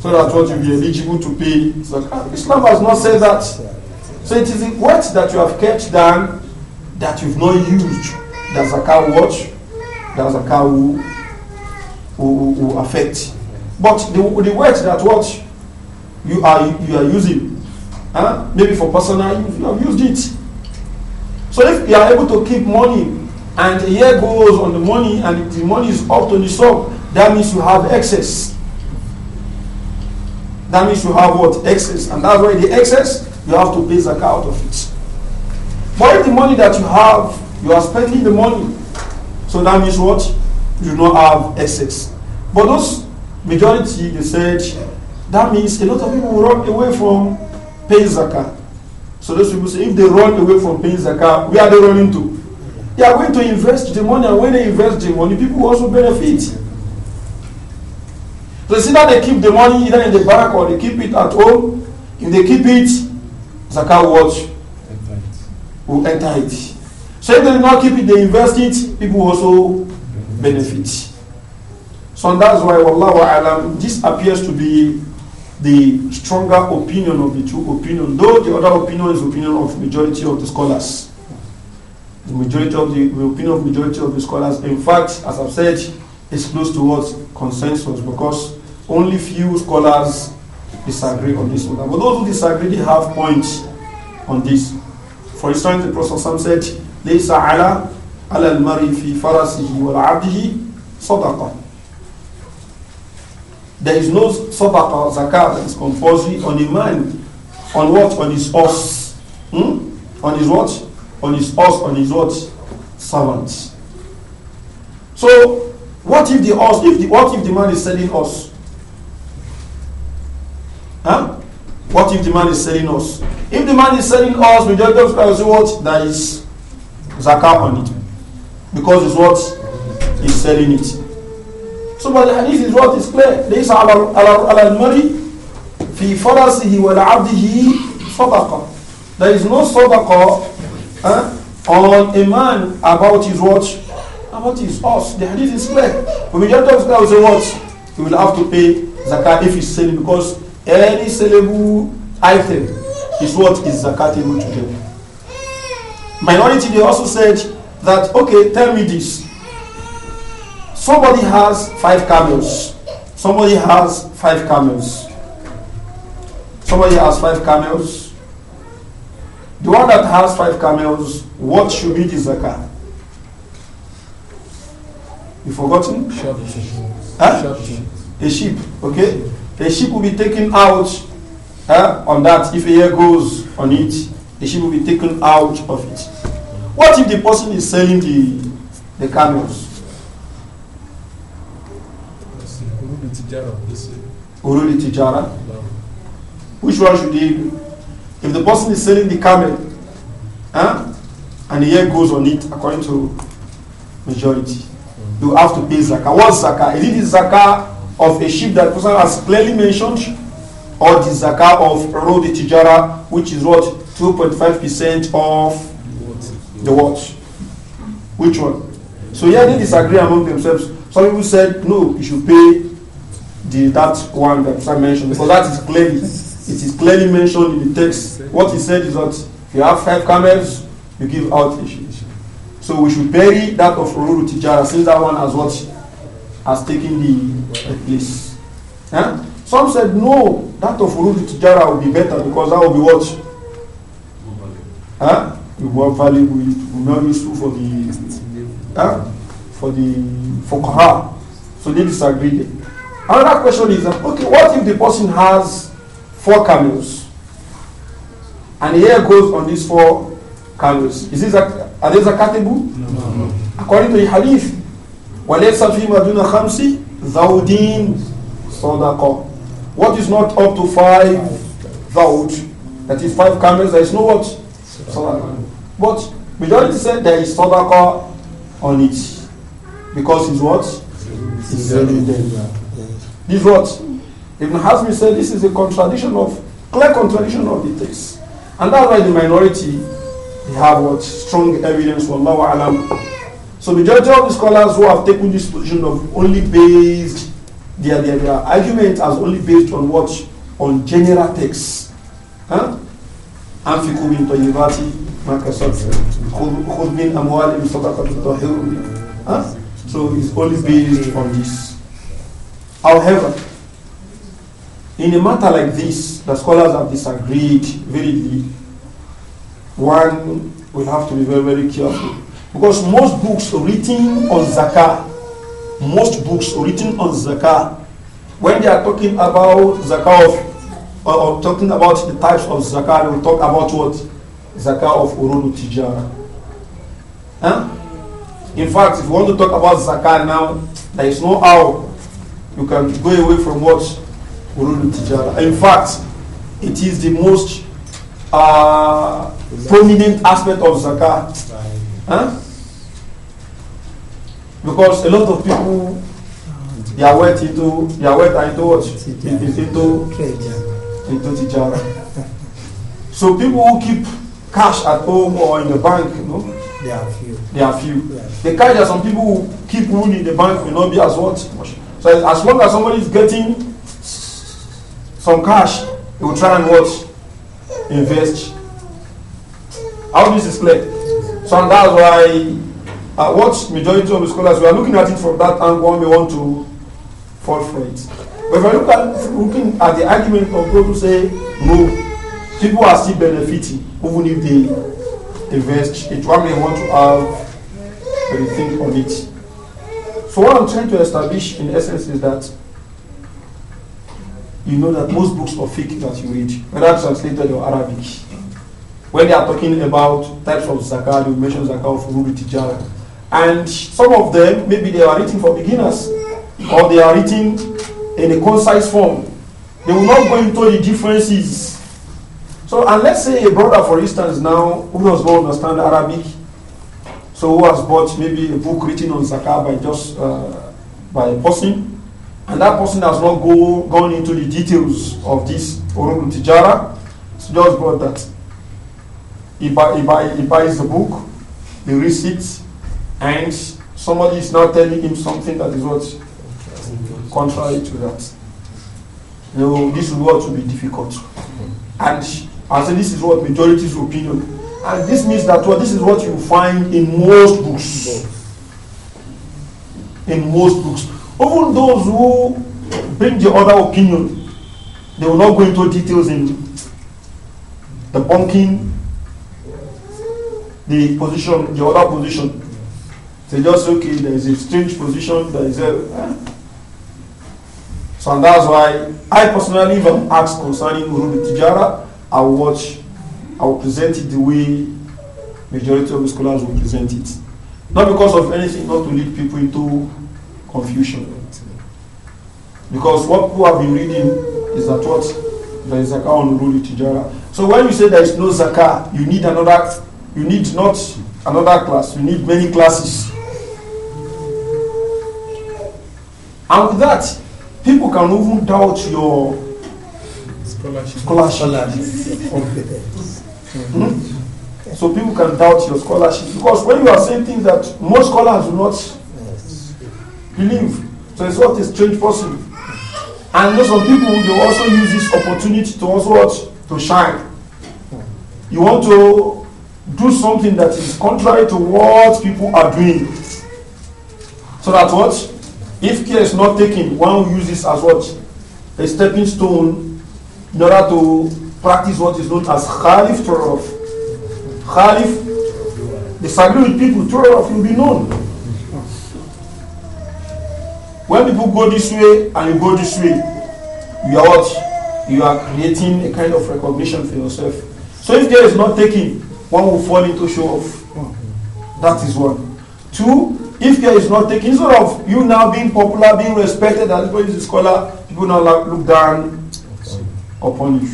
[SPEAKER 1] So that what you'll be eligible to pay zakat. Ah, Islam has not said that. So it is what that you have kept down that you've not used that car watch, that zakat who who will affect. But the, the words that what you are you are using, huh? maybe for personal use, you have used it. So if you are able to keep money and the year goes on the money and the money is up to the sub, that means you have excess. That means you have what? Excess. And that's why the excess, you have to pay car out of it. But if the money that you have, you are spending the money, so that means what? You do not have excess. But those majority they said that means a lot of people run away from paying zakah. So those people say if they run away from paying zakah, where are they running to? They are going to invest the money, and when they invest the money, people also benefit. So it's either they keep the money either in the bank or they keep it at home. If they keep it, zakah watch will enter it. So if they do not keep it, they invest it, people also benefit. So and that's why, Wallahu Alam, this appears to be the stronger opinion of the two opinions, though the other opinion is opinion of majority of the scholars. The majority of the, the opinion of majority of the scholars, in fact, as I've said, is close towards consensus because only few scholars disagree on this one. But those who disagree, they have points on this. For instance, the Prophet Sam said, ليس ala على المرء في Farasihi ولا عبده there is no sabaka or zakat that is compulsory on a man. On what? On his horse. Hmm? On his what? On his horse, on his what? Servant. So, what if the horse, if the, what if the man is selling us? Huh? What if the man is selling us? If the man is selling us, we just don't say what? There is zakat on it. Because it's what? He's selling it. So, but the hadith is what is clear. ليس على على المرء في فرسه ولا عبده صدقة. There is no صدقة huh, on a man about his watch, about his horse. The hadith is clear. When we get to the say what? He will have to pay zakat if he's selling because any sellable item is what is zakatable to them. Minority, they also said that, okay, tell me this. Somebody has five camels. Somebody has five camels. Somebody has five camels. The one that has five camels, what should be the zakah? You forgotten? Sheep. Huh? Sheep. A sheep, okay? A sheep will be taken out huh, on that. If a year goes on it, the sheep will be taken out of it. What if the person is selling the, the camels? Urul Tijara. Which one should he do? If the person is selling the camel, huh? and the year goes on it according to majority, you mm. have to pay zakah. What zakah? Is it the zakah of a sheep that person has clearly mentioned, or the zakah of road tijara, which is what 2.5% of the watch? Which one? So here yeah, they disagree among themselves. Some people said no, you should pay the that one that I mentioned because that is clearly it is clearly mentioned in the text. What he said is that if you have five camels, you give out So we should bury that of Ruru Tijara since that one has what has taken the, place. Huh? Some said no, that of Ruru Tijara will be better because that will be what? Huh? It more valuable, it will not useful for the huh? for the for fuqaha. So they disagreed. Another question is that, okay, what if the person has four camels? And here goes on these four camels. Is this a, are these a zakatable? No. no. According to the hadith, وَلَيْسَ فِي مَدُونَ خَمْسِ ذَوْدِينَ صَدَقَةً What is not up to five dhaud, that is five camels, there is no what? Sadaqah. But majority said there is sadaqah on it. Because it's what? It's This what? Ibn Hazmi said this is a contradiction of, clear contradiction of the text. And that's why the minority, they have what? Strong evidence, wallahu alam. So majority of the scholars who have taken this position of only based, their, their, their argument as only based on what? On general texts. Huh? أنفقوا من طيبات ما كسبت خذ من أموالهم صدقة تطهرهم So it's only based on this. However, in a matter like this, the scholars have disagreed deeply. One will have to be very, very careful. Because most books written on zakah, most books written on zakah, when they are talking about zakah of, or, or, talking about the types of zakah, they will talk about what? Zakah of urulu tijara. Huh? In fact, if you want to talk about zakah now, there is no how you can go away from what Urul Tijara. In fact, it is the most uh, prominent aspect of zakah. Huh? Because a lot of people they are wet into they are wet into what? Into into tijara. So people who keep cash at home or in the bank, you know, they are few. They are few. Yeah. The kind that some people who keep money in the bank will not be as what? So as long as somebody is getting some cash, he will try and what? Invest. How this is clear. So and that's why uh, what majority of the scholars we are looking at it from that angle when we want to fall for it. But if I look at looking at the argument of people who say no, people are still benefiting even if they invest it. One may want to have a rethink on it. So what I'm trying to establish in essence is that you know that most books of fiqh that you read, whether translated or Arabic, when they are talking about types of zakat, you mention zakat of rubi tijara. And some of them, maybe they are written for beginners, or they are written in a concise form. They will not go into the differences. So, and let's say a brother, for instance, now who does not understand Arabic, so who has bought maybe a book written on zakah by just uh, by a person, and that person has not go, gone into the details of this urul tijara, so just bought that. He, buy, he, buy, he buys the book, he reads it, and somebody is now telling him something that is what contrary to that. You know, this is what will be difficult. And I say this is what majority's opinion And this means that well, this is what you find in most books. In most books. Even those who bring the other opinion, they will not go into details in the bunking, the position, the other position. They just okay, there is a strange position, there is a. Eh? So and that's why I personally, even ask concerning Urul Tijara, I watch I will present it the way majority of the scholars will present it. Not because of anything, not to lead people into confusion. Because what people have been reading is that what there is zakah on ruli tijara. So when you say there is no zakah, you need another, you need not another class, you need many classes. And with that, people can even doubt your scholarship. scholarship. Mm-hmm. So people can doubt your scholarship because when you are saying things that most scholars do not yes. believe, so it's not a strange person. And you know, some people will also use this opportunity to also to shine. You want to do something that is contrary to what people are doing. So that what? If care is not taken, one will use this as what? A stepping stone in order to practice what is known as Khalif Turaf. Khalif, disagree with people, Turaf will be known. When people go this way and you go this way, you are what? You are creating a kind of recognition for yourself. So if there is not taking, one will fall into show off. That is one. Two, if there is not taking, instead of you now being popular, being respected as well as a scholar, people now look down upon you.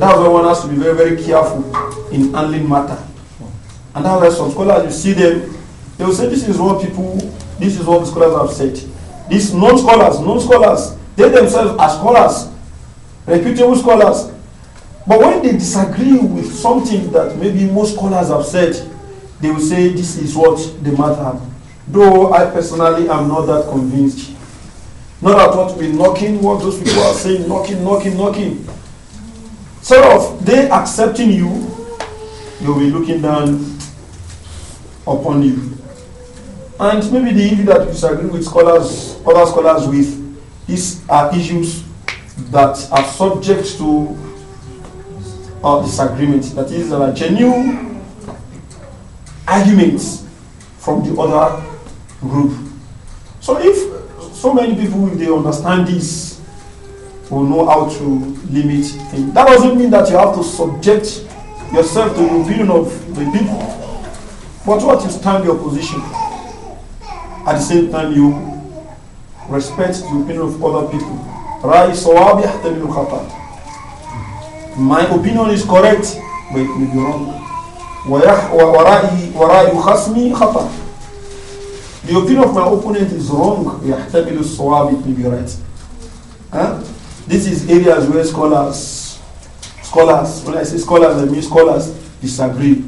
[SPEAKER 1] And that's why one has to be very, very careful in handling matter. And that's why some scholars, you see them, they will say, this is what people, this is what the scholars have said. These non-scholars, non-scholars, they themselves are scholars, reputable scholars. But when they disagree with something that maybe most scholars have said, they will say this is what the matter. Though I personally am not that convinced. Not at what we knocking, what those people are saying, knocking, knocking, knocking. Instead of they accepting you, they will be looking down upon you. And maybe the issue that you disagree with scholars, other scholars with, is are issues that are subject to uh, disagreement. That is, there are genuine arguments from the other group. So if so many people, if they understand this, will know how to limit things. That doesn't mean that you have to subject yourself to the opinion of the people. But what you stand your position? At the same time, you respect the opinion of other people. My opinion is correct, but it may be wrong. The opinion of my opponent is wrong. يحتمل الصواب it may be right. Huh? This is areas where scholars, scholars, when I say scholars, I mean scholars disagree.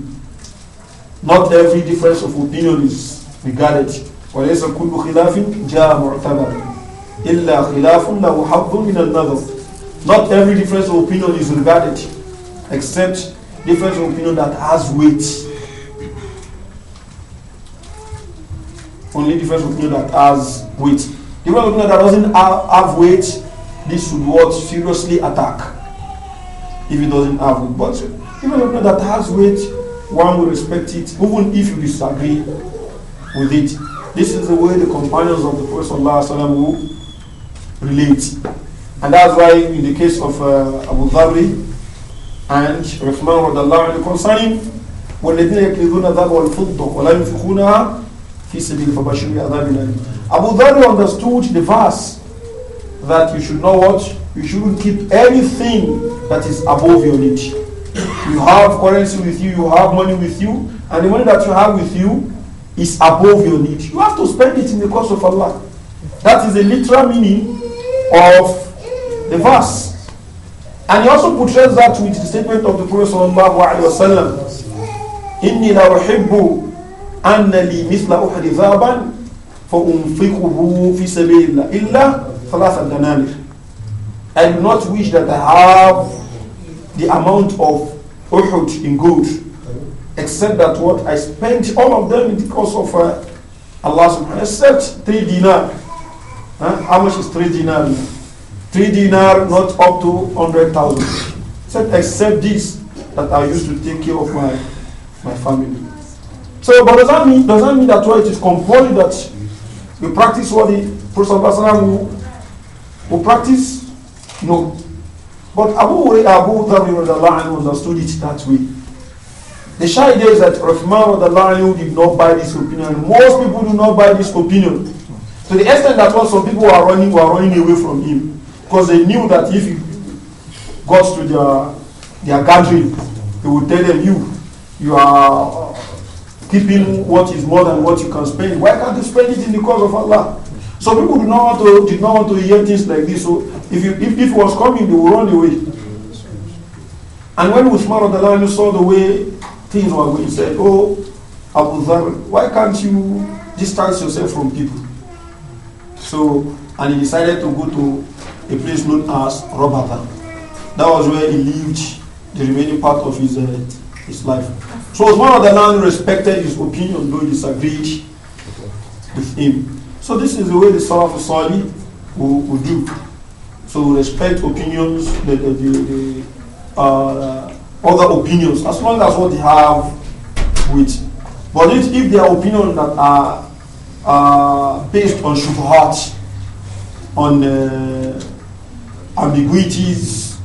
[SPEAKER 1] Not every difference of opinion is regarded. وليس كل خلاف جاء معتبر إلا خلاف له حظ من النظر not every difference of opinion is regarded except difference of opinion that has weight only difference of opinion that has weight difference of opinion that doesn't have, have weight this should what seriously attack if it doesn't have a But even if that has weight, one will respect it, even if you disagree with it. This is the way the companions of the Prophet will relate. And that's why in the case of uh, Abu Dhabi and Rahman radiallahu anhu concerning did not الذهب that ولا ينفقونها في سبيل فبشر عذاب أليم. Abu Dhabi understood the verse that you should know what? You shouldn't keep anything that is above your need. You have currency with you, you have money with you, and the money that you have with you is above your need. You have to spend it in the cause of Allah. That is the literal meaning of the verse. And he also portrays that with the statement of the Prophet sallallahu alaihi wasallam, "Inni la uhibbu anna li mithla uhdi dhaban fi sabilillah illa ثلاث دنانير I do not wish that I have the amount of Uhud in gold except that what I spent all of them in the course of uh, Allah subhanahu except three dinar. Huh? How much is three dinar? Three dinar, not up to 100,000. Except, except this, that I used to take care of my, my family. So, but does that mean, does that mean that well, it is compulsory that the practice what the Prophet who practice? No. But Abu Abu Dhabi understood it that way. The shy idea is that Rahman did not buy this opinion. Most people do not buy this opinion. To the extent that what some people are running were running away from him. Because they knew that if he got to their their gathering, he would tell them you you are keeping what is more than what you can spend. Why can't you spend it in the cause of Allah? So people do not want to, did not want to hear things like this. So if, you, if, if it was coming, they would run away. And when Uthman Adalani saw the way things were going, he said, Oh, Abu Dhar, why can't you distance yourself from people? So, and he decided to go to a place known as Robata. That was where he lived the remaining part of his, uh, his life. So the Adalani respected his opinion, though he disagreed with him. So this is the way the Salaf would will, will do. So we respect opinions, the, the, the, uh, other opinions, as long as what they have with. But if, if their opinions that are uh, based on shubhat, on uh, ambiguities,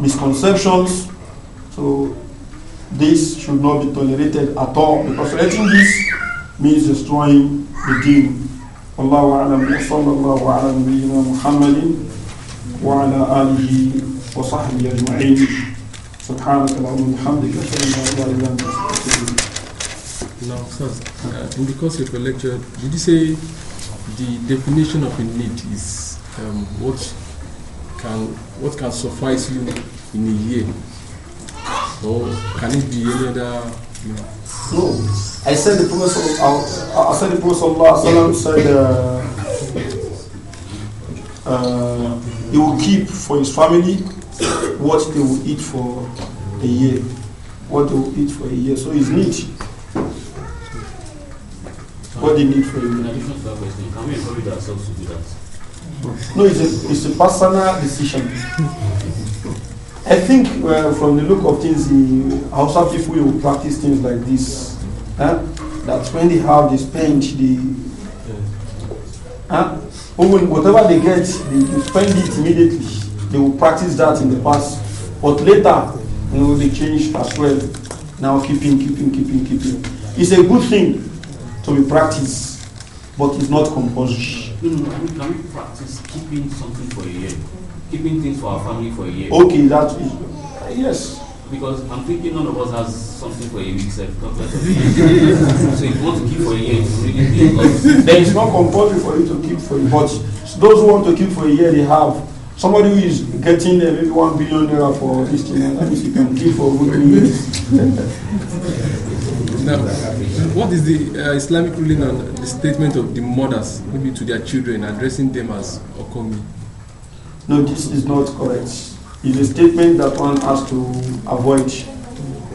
[SPEAKER 1] misconceptions, so this should not be tolerated at all because letting this means destroying the deal. والله أعلم وصلى الله على نبينا محمد وعلى آله وصحبه أجمعين سبحانك اللهم وبحمدك أشهد أن لا
[SPEAKER 2] إله إلا أنت أستغفرك Now, uh, in the course of your lecture, did you say the definition of a need is um, what can what can suffice you in a year, or can it be any other No. I said the Prophet uh, uh, I said the Prophet Allah
[SPEAKER 1] said uh, uh, he will keep for his family what they will eat for a year. What they will eat for a year. So his need. What they need for a year.
[SPEAKER 2] Can we encourage ourselves to do that?
[SPEAKER 1] No, it's a, it's a personal decision. I think uh, from the look of things, the Hausa people will practice things like this. Huh? when they have this bench, the huh? whatever they get, they, they spend it immediately. They will practice that in the past, but later it will be changed as well. Now keeping, keeping, keeping, keeping. It's a good thing to be practiced, but it's not compulsory.
[SPEAKER 2] You know, can we practice keeping something for a year? keeping things for our family for a year. Okay, that is uh, yes. Because I'm thinking none of us has something for a week, a so if you want to keep for a year, it's really compulsory for you to keep for a year. But
[SPEAKER 1] those who want to keep for a year, they have. Somebody who is getting uh, maybe one billion naira for this thing, and if you can keep for one year.
[SPEAKER 2] now, what is the uh, Islamic ruling on the statement of the mothers, maybe to their children, addressing them as okomi? No, this is
[SPEAKER 1] not correct. It's a statement that one has to avoid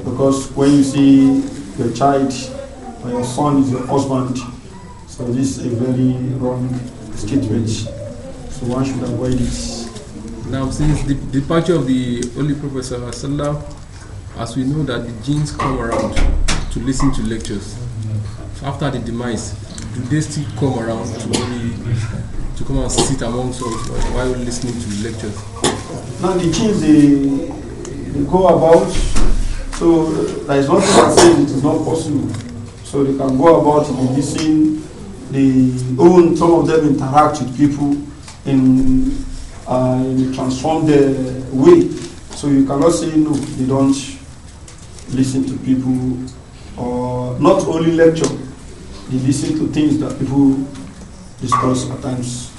[SPEAKER 1] because when you see your child or your son is your husband, so this
[SPEAKER 2] is a very wrong statement. So one should avoid it. Now, since the departure of the Holy professor Asanda, as we know that the genes come around to listen to lectures, after the demise, do they still come around to only to come and sit amongst us while listening to the lectures?
[SPEAKER 1] Now the things they, they go about, so there is nothing that says it is not possible. So they can go about and listen. the own some of them interact with people in, uh, in uh, way. So you cannot say no. They don't listen to people, or not only lecture. They listen to things that people
[SPEAKER 2] discuss at times.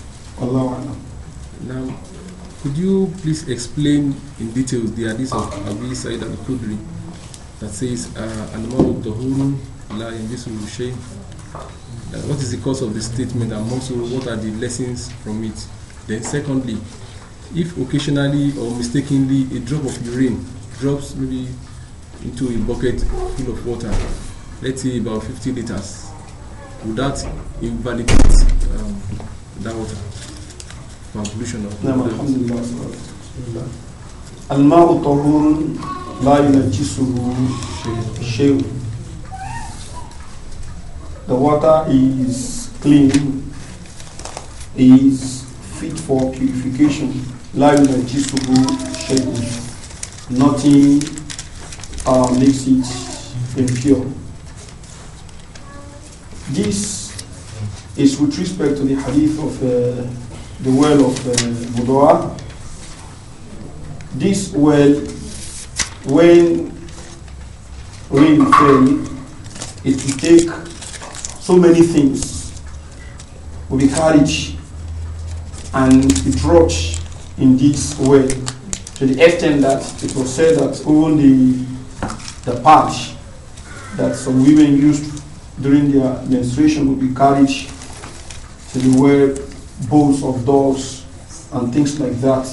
[SPEAKER 2] Now, could you please explain in details the hadith of Abu Sa'id al-Khudri that says, ah, Al-Maru Tahurun La Yanjisu Shay? What is the cause of this statement and also what are the lessons from it? Then secondly, if occasionally or mistakenly a drop of urine drops maybe into a bucket full of water, let's say about 50 liters, would that invalidate um, that water? conclusion of نعم
[SPEAKER 1] الماء طهور لا ينجسه شيء the water is clean is fit for purification لا ينجسه شيء nothing uh, makes it impure this is with respect to the hadith of uh, the well of uh, This well, when rain fell, it will take so many things will be carried and it dropped in this well to the extent that it was said that even the, the patch that some women used during their menstruation would be carried to the well bones of dogs and things like that.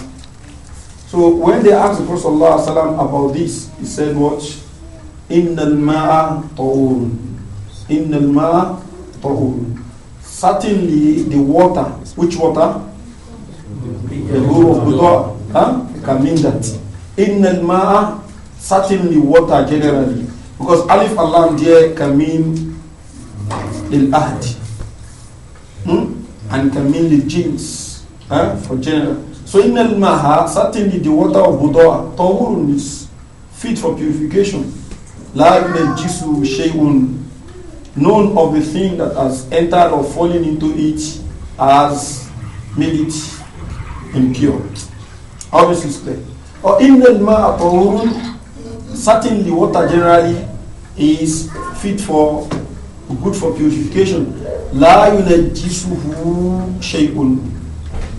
[SPEAKER 1] So when they asked the Prophet ﷺ about this, he said, Watch, Inna al-ma'a ta'ur, Inna al-ma'a ta'ur. Certainly the water, which water? The rule of dog. Huh? can mean that. Inna al-ma'a, certainly water generally. Because alif alam there can mean il ahdi Hmm? and can mean the jinns huh? for general. So in al maha, certainly the water of Bodoa, Tawurun is fit for purification. La jisu shayun. None of the thing that has entered or fallen into it has made it impure. Obviously, it's clear. Or in al maha, Tawurun, certainly water generally is fit for good for purification. La yunajisuhu shay'un.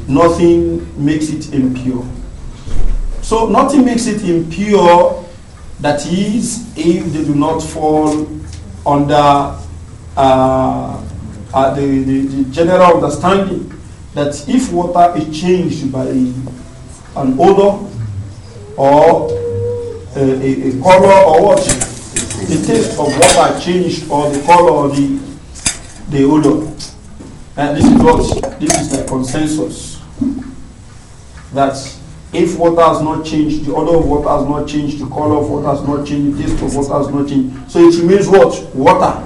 [SPEAKER 1] Nothing makes it impure. So nothing makes it impure, that is, if they do not fall under uh, uh, the, the, the, general understanding that if water is changed by an odor or a, a, a color or what, the taste of water changed or the color or the, the odor. And this is what this is the consensus that if water has not changed, the odor of water has not changed, the color of water has not changed, the taste of water has not changed. So it remains what? Water.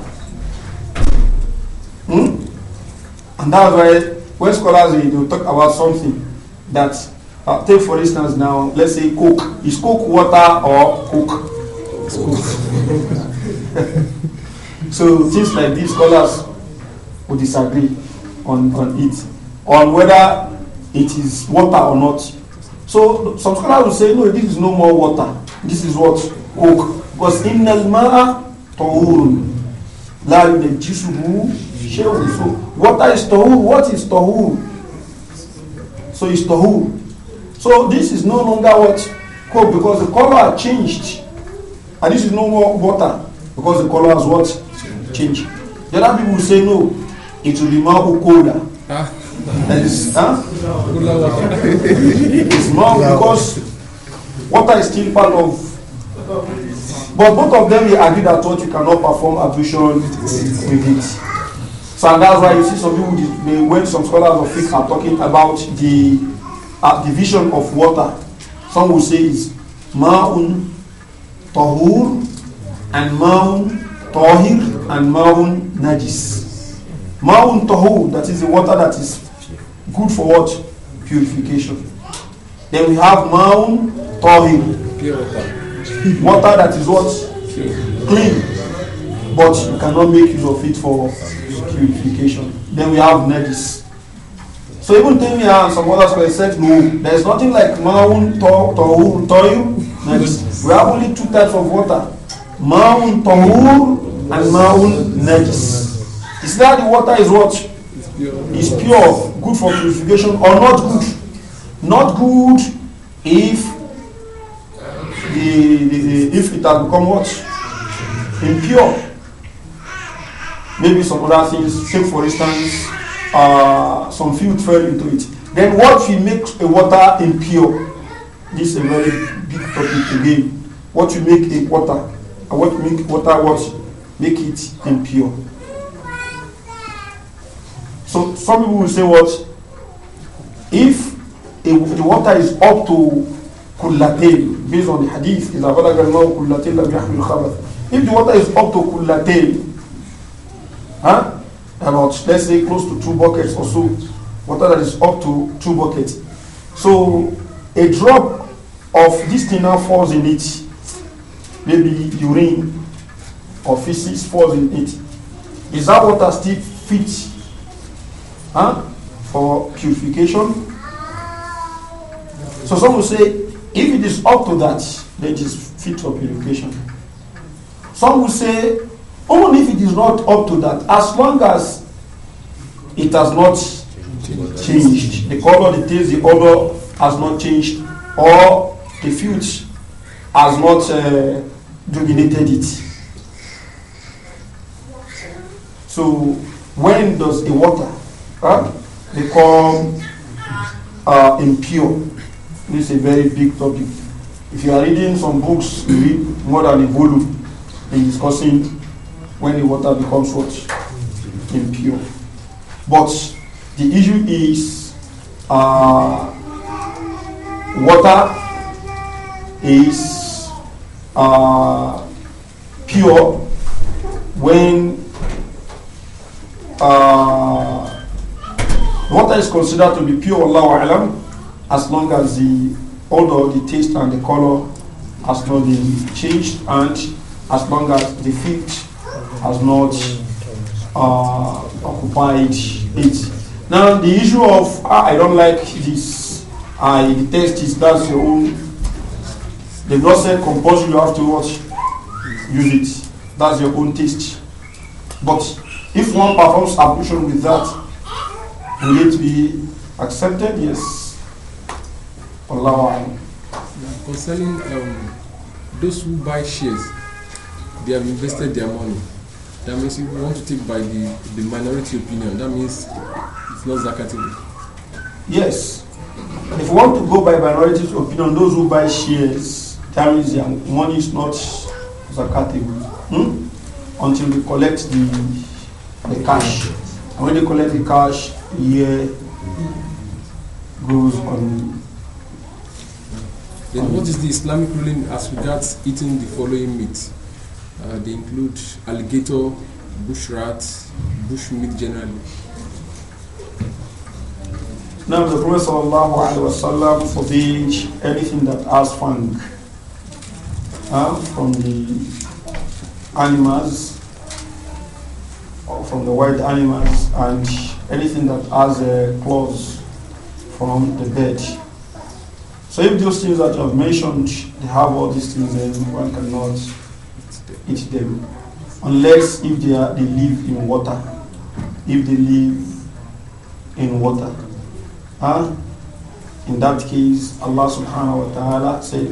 [SPEAKER 1] Hmm? And that's why when scholars they will talk about something that uh, take for instance now, let's say coke. Is coke water or coke? so things like these, scholars will disagree on, on it, on whether it is water or not. So some scholars will say, no, this is no more water. This is what oak. Because in al-ma'a tahurun la yunajjisuhu shay'un. So water is tahur. What is tahur? So it's tahur. So this is no longer what coke because the color changed And this is no more water because the color has what? Changed. The other people will say no, it will be more cola. Ah. That is, huh? it's more because water is still part of. But both of them they agree that what you cannot perform ablution with it. So and that's why you see some people they, when some scholars of fiqh are talking about the uh, division of water, some will say is ma'un tahur and ma'un tahir and ma'un najis ma'un tahur that is the water that is good for what purification then we have ma'un tahir water that is what clean but you cannot make use of it for purification then we have najis so even tell me and some others were said, no, There is nothing like Ma'un, Ta'un, Ta'un, Ta'un, We have only two types of water. Ma'un Tahur and Ma'un Najis. Is that the water is what? Is pure, good for purification or not good? Not good if the, the, the if it has become what? Impure. Maybe some other things, take for instance, uh, some fuel fell into it. Then what will make a water impure? This is a very big topic again. what you make a water and what make water what make it impure. So some people will say what if the water is up to kullatil based on the hadith is kullatil if the water is up to kullatil huh? and what, let's say close to two buckets or so water that is up to two buckets so a drop of this thing now falls in it maybe urine or feces falls in it. Is that water still fit huh, for purification? So some will say, if it is up to that, then it is fit for purification. Some will say, even if it is not up to that, as long as it has not changed, the color, the taste, the odor has not changed, or the filth has not uh, dominated it. So when does the water huh, become uh, impure? This is a very big topic. If you are reading some books, you read more than a volume in discussing when the water becomes what? Impure. But the issue is uh, water is uh, pure when uh, water is considered to be pure, Allah alam, as long as the odor, the taste, and the color has not been changed, and as long as the feet has not uh, occupied it. Now, the issue of ah, I don't like this, I detest this, that's your own they law not said compulsory you have to watch, use it. That's your own taste. But if one performs ablution with that,
[SPEAKER 2] will it be accepted? Yes. Allah. Yeah, concerning um, those who buy shares, they have invested their money. That means if you want to take by the, the minority opinion, that means it's not zakatable.
[SPEAKER 1] Yes. If you want to go by minority opinion, those who buy shares, Time is the money is not zakatable hmm? until they collect the the cash. And when they collect the cash, the year goes on.
[SPEAKER 2] Then what is the Islamic ruling as regards eating the following meat? Uh, they include alligator, bush rat, bush meat generally. Now the Prophet wasallam forbade
[SPEAKER 1] anything that has fang from the animals, from the wild animals, and anything that has a uh, claws from the bird. So if those things that I've mentioned, they have all these things, then one cannot eat them. Unless if they, are, they live in water. If they live in water. Huh? In that case, Allah subhanahu wa ta'ala said,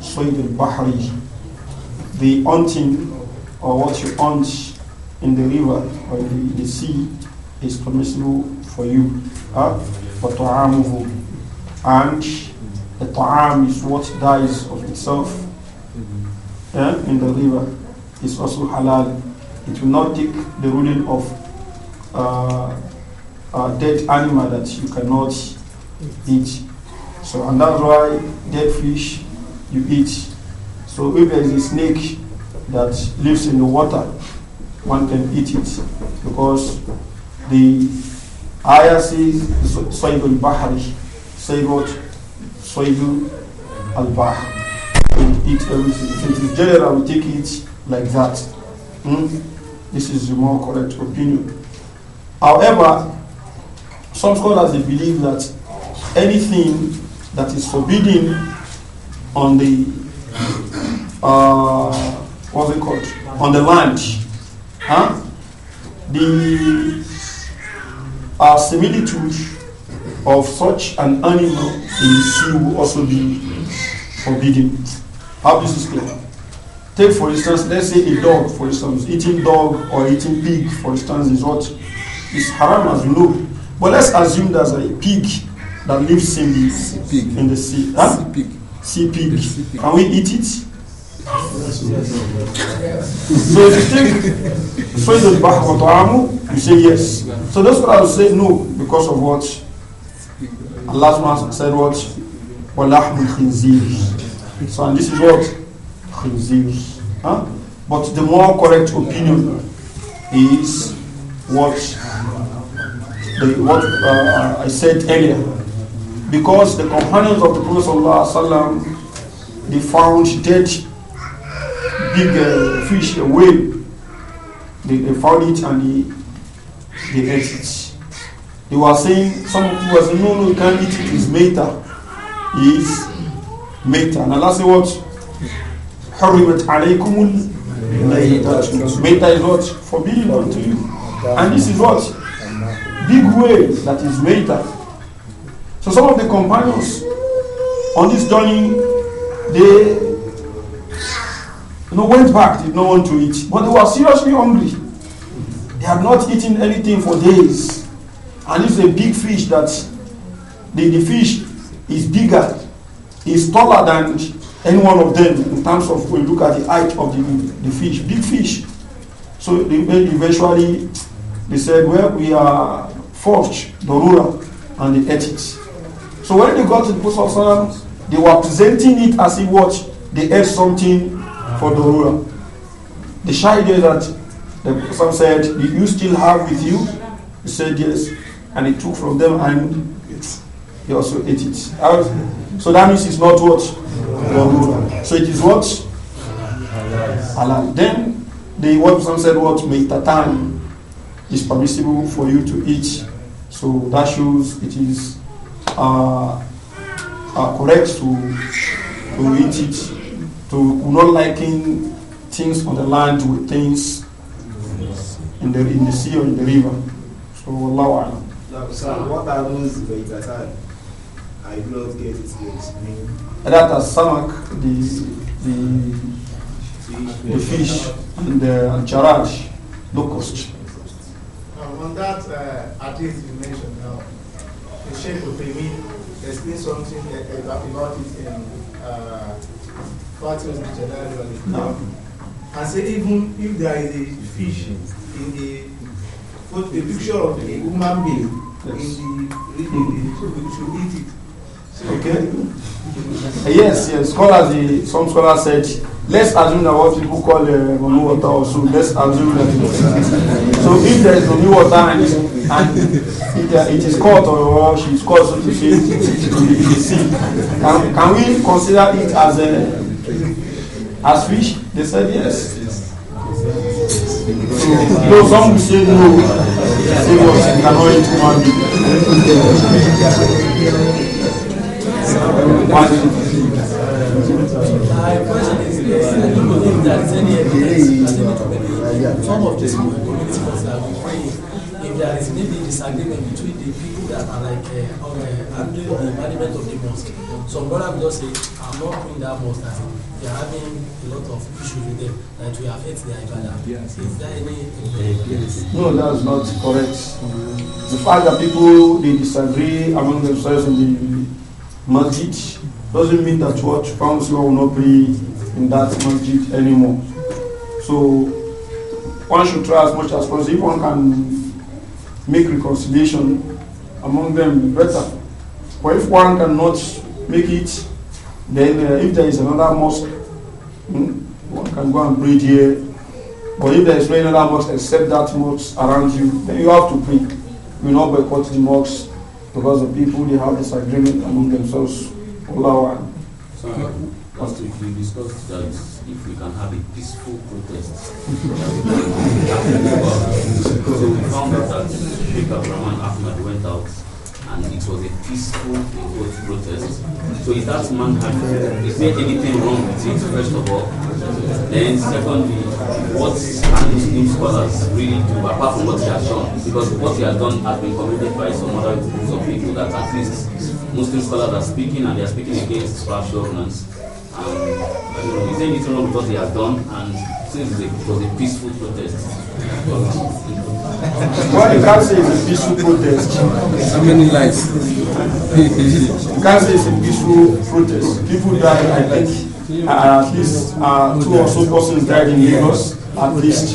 [SPEAKER 1] Sayyid al-Bahri, the hunting or what you hunt in the river or the, sea is permissible for you. Huh? But And the ta'am is what dies of itself yeah, in the river. It's also halal. It will not take the ruling of uh, a dead animal that you cannot eat. So, and that's why dead fish you eat. So if there is a snake that lives in the water, one can eat it because the ayah says Sayyidul Bahari, Sayyidul Sayyidul Al Bahr. We eat everything. If it is general, we take it like that. Hmm? This is the more correct opinion. However, some scholars they believe that anything that is forbidden on the uh, what's it called? On the land. Huh? The uh, similitude of such an animal in sea will also be forbidden. How this is clear? Take for instance, let's say a dog, for instance, eating dog or eating pig, for instance, is what is haram as you know. But let's assume there's a pig that lives in the sea. Pig. In the sea. Huh? pig. CPB. Can we
[SPEAKER 2] eat it? so if you think Faisal Bah Watamu, you
[SPEAKER 1] say yes. So that's what I would say no, because of what? Allah said what? Walahmul khinzir. So and this is what? Khinzir. Huh? But the more correct opinion is what, the, what uh, I said earlier. Because the companions of the Prophet ﷺ, they found dead big uh, fish, a whale. They, they found it and they, they ate it. They were saying, some of were no, no, you can't eat it, it's meta. It's meta. And Allah said what? حرمت عليكم Meta is what? Forbidden unto you. And this is what? Big whale that is meta. So some of the companions on this journey, they you know, went back, did not want to eat. But they were seriously hungry. They had not eaten anything for days. And it's a big fish that the, the fish is bigger, is taller than any one of them in terms of when you look at the height of the, the fish, big fish. So they, eventually they said, well, we are forged, the ruler, and the ethics." So when they got to the Prophet, they were presenting it as if what they had something for the ruler. The shy idea that the Prophet said, Do you still have with you? He said yes. And he took from them and he also ate it. So that means it's not what? The ruler. So it is what? Allah. Then the what some said what time is permissible for you to eat. So that shows it is uh, are correct to, to eat it, to not liking things on the land with things in the, in the sea or in the river. So, Allah. so what are those vegetarian? I do not get
[SPEAKER 2] it.
[SPEAKER 1] That is samak, the, the, the fish, and the and locust.
[SPEAKER 2] on that uh, at least you mentioned now. Uh, the Sheikh would maybe explain something about, about it in uh, Fatima's Dictionary now. And say even if there is a fish mm-hmm. in the, the picture of a human being yes. in the reading, we should eat
[SPEAKER 1] it. okay. yes, yes. Scholars, some scholars said Let's assume that what people call uh, new water also. Let's assume that. so if there is new water and, and uh, it is caught or she is caught, so to say, can, can we consider it as a uh, as fish? They said yes. So some will say no. Say what you cannot eat human being. My question is is any
[SPEAKER 2] evidence as some of the small that we pray if there is maybe disagreement between the people that are like uh, the management of the mosque. Some brother will just say, I'm not doing that mosque as they are having a lot of issues with them that will affect their ibadah. Yes. Is there any evidence? No, that's not correct.
[SPEAKER 1] The fact that people they disagree among themselves in the masjid doesn't mean that what council will not be in that masjid anymore. So one should try as much as possible. If one can make reconciliation among them, better. But if one cannot make it, then uh, if there is another mosque, hmm, one can go and pray here. But if there is no another mosque except that mosque around you, then you have to pray. You will not boycott the mosques because the people they have disagreement among themselves. Allahu Last week we discussed that if we can have a peaceful
[SPEAKER 2] protest, so we found out that Sheikh Abdurrahman Ahmad went out and it was a peaceful protest. So is that man manhunt? Is there anything wrong with it, first of all? Then secondly, what can Muslim scholars really do apart from what they have done? Because what they have done has been committed by some other groups of people that at least Muslim scholars are speaking and they are speaking against Arab governance. And you know, he's anything wrong with what they have done and since it was a peaceful protest. What you can't say is a peaceful protest. How many lives? you can't say it's a
[SPEAKER 1] peaceful protest. People died, I think. Uh, at least uh, two or so persons died in Lagos. at least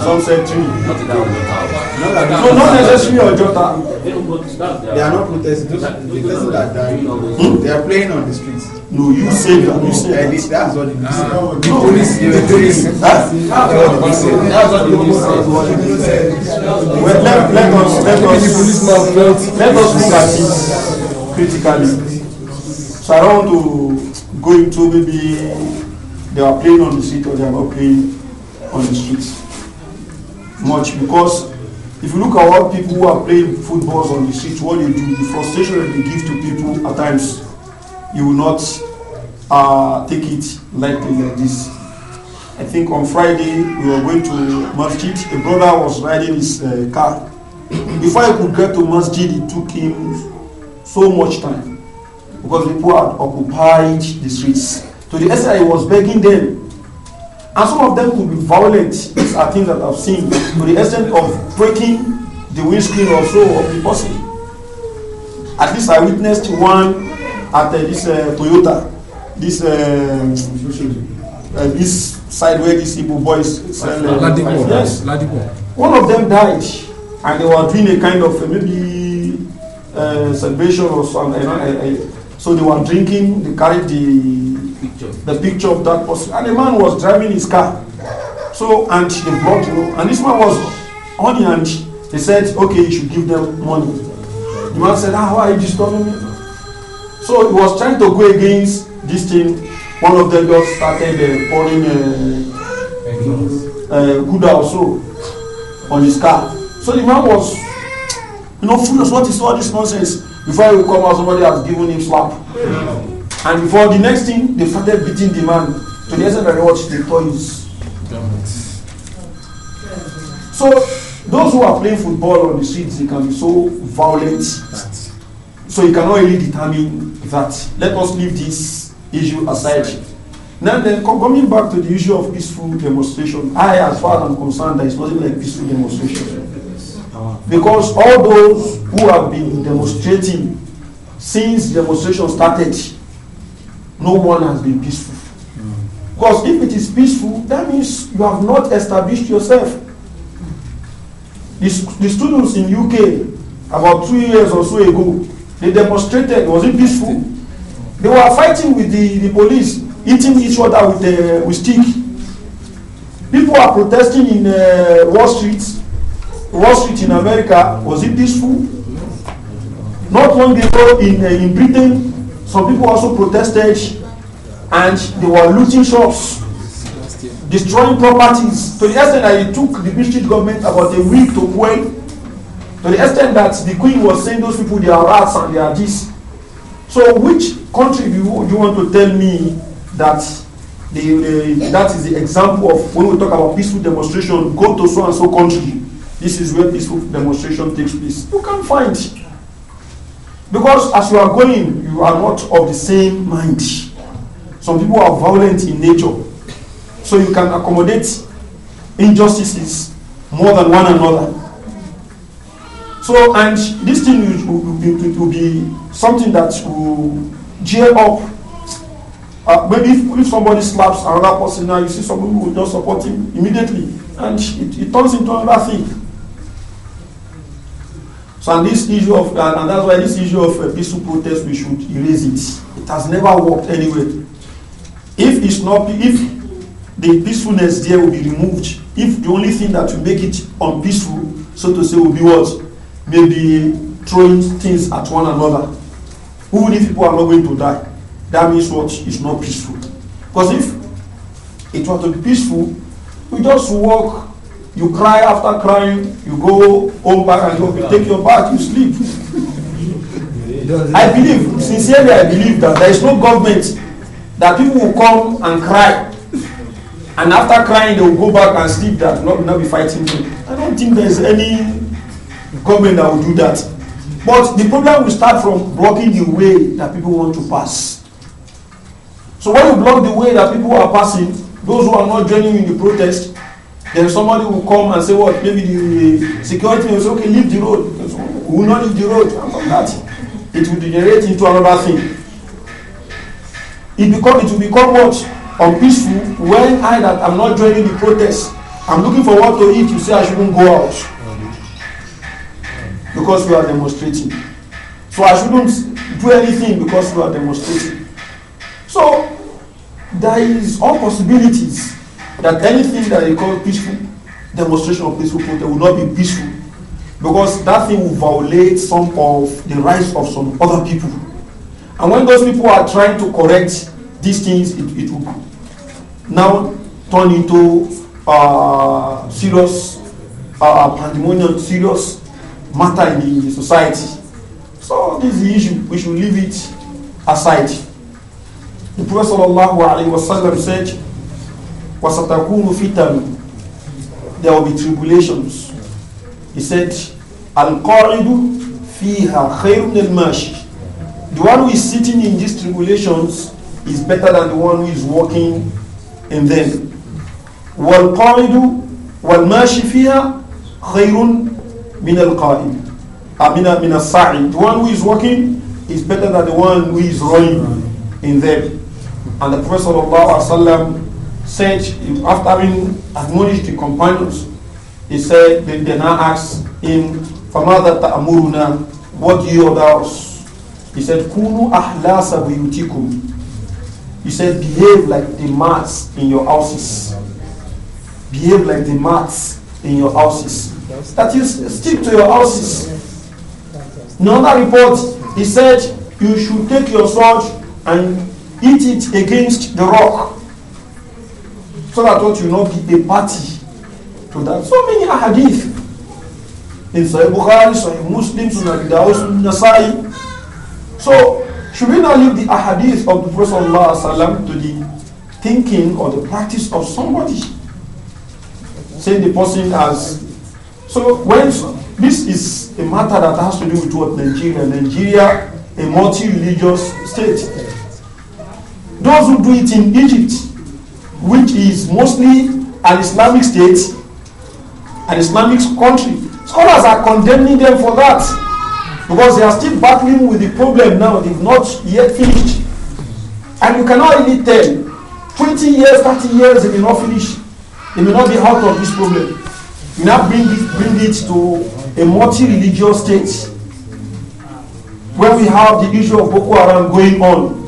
[SPEAKER 1] sunset tree. No, not necessarily Ojota. They are not protesting. Those person that died. Hmm? They are playing on the streets. No, you say that. You say that. That's what you say.
[SPEAKER 2] Ah. The police, the police. That's what you say. That's what
[SPEAKER 1] you say. Well, let, let us, let us, let us look at this critically. So I don't want to go into maybe they are playing on the street or they are not playing on the streets much because if you look at what people who are playing footballs on the streets, what they do, the frustration that they give to people at times, you will not uh, take it lightly like this. I think on Friday we were going to Masjid. A brother was riding his uh, car. Before I could get to Masjid, it took him so much time because people had occupied the streets. To the extent I was begging them And some of them could be violent. These are things that I've seen to the extent of breaking the windscreen or so of the bus. At least I witnessed one at uh, this uh, Toyota, this uh, uh, this side where these Igbo boys sell. Uh, Ladipo. Yes. Ladipo. One of them died, and they were doing a kind of uh, maybe uh, celebration or something. Uh, uh, uh, so they were drinking. They carried the the picture of that person. And the man was driving his car. So, and they blocked the road. And this man was on and He said, okay, you should give them money. The man said, ah, why are you disturbing me? So he was trying to go against this thing. One of them just started uh, pouring uh, uh, good also on his car. So the man was, you know, furious. What is all this nonsense? Before he come out, somebody has given him slap. And before the next thing, they started beating the man to the extent that they watched the toys. So those who are playing football on the streets, they can be so violent. So you cannot really determine that. Let us leave this issue aside. Now then, coming back to the issue of peaceful demonstration, I, as far as I'm concerned, it's nothing like peaceful demonstration. Because all those who have been demonstrating since demonstration started, no one has been peaceful. Because if it is peaceful, that means you have not established yourself. The, the students in UK, about two years or so ago, they demonstrated, was it peaceful? They were fighting with the, the police, hitting each other with, the, uh, with stick. People are protesting in uh, Wall Street. Wall Street in America, was it peaceful? Not long ago in, uh, in Britain, Some people also protested and they were looting shops, destroying properties. To the extent that it took the British government about a week to quell. To the extent that the Queen was saying those people they are rats and they are this. So which country do you, do you want to tell me that the, the, that is the example of when we talk about peaceful demonstration, go to so and so country. This is where peaceful demonstration takes place. You can find. Because as you are going, you are not of the same mind. Some people are violent in nature. So you can accommodate injustices more than one another. So, and this thing will, will, will, will be something that will gear up. Uh, maybe if, if, somebody slaps another person now, you see somebody who will just support him immediately. And it, it turns into another thing. So, and this issue of that, and that's why this issue of uh, peaceful protest, we should erase it. It has never worked anyway. If it's not, if the peacefulness there will be removed, if the only thing that will make it unpeaceful, so to say, will be what? Maybe throwing things at one another. Even if people are not going to die, that means what is not peaceful. Because if it were to be peaceful, we just walk you cry after crying, you go home back and you take your bath, you sleep. I believe, sincerely, I believe that there is no government that people will come and cry. And after crying, they will go back and sleep that not, not be fighting I don't think there's any government that will do that. But the problem will start from blocking the way that people want to pass. So when you block the way that people are passing, those who are not joining in the protest, Then somebody will come and say, What? Maybe the security will say, Okay, leave the road. We will not leave the road. And from that, it will degenerate into another thing. It, become, it will become what? Unpeaceful when I that I'm not joining the protest. I'm looking for what to eat. You say I shouldn't go out. Because we are demonstrating. So I shouldn't do anything because we are demonstrating. So there is all possibilities that anything that they call peaceful demonstration of peaceful protest will not be peaceful because that thing will violate some of the rights of some other people. And when those people are trying to correct these things, it, it will now turn into uh, serious uh, pandemonium, serious matter in the society. So this is the issue. We should leave it aside. The Prophet sallallahu alaihi wasallam said, wasatakunu fitan. There will be tribulations. He said, Al-Qa'idu fiha khairun al-mashi. The one who is sitting in these tribulations is better than the one who is walking in them. وَالْقَاعِدُ وَالْمَاشِ فِيهَا al مِنَ الْقَائِدِ mina مِنَ sa'id. The one who is walking is better than the one who is running in them. And the Prophet sallallahu alaihi wasallam said, after having admonished the companions, he said, they, they now asked him, فَمَاذَا تَأْمُرُنَا What do you order us? He said, كُونُوا أَحْلَاسَ He said, behave like the mats in your houses. Behave like the mats in your houses. That is, stick to your houses. another report, he said, you should take your sword and hit it against the rock so that what you not be a party to that. So many hadith in Sahih Bukhari, Sahih Muslim, Sunan Dawud, Nasai. So should we not leave the ahadith of the Prophet ﷺ to the thinking or the practice of somebody? Saying the person has. So when this is a matter that has to do with what Nigeria, Nigeria, a multi-religious state. Those who do it in Egypt, which is mostly an Islamic state, an Islamic country. Scholars are condemning them for that because they are still battling with the problem now. They've not yet finished. And you cannot really tell. 20 years, 30 years, they may not finish. They may not be out of this problem. You now bring it, bring it to a multi-religious state when we have the issue of Boko Haram going on,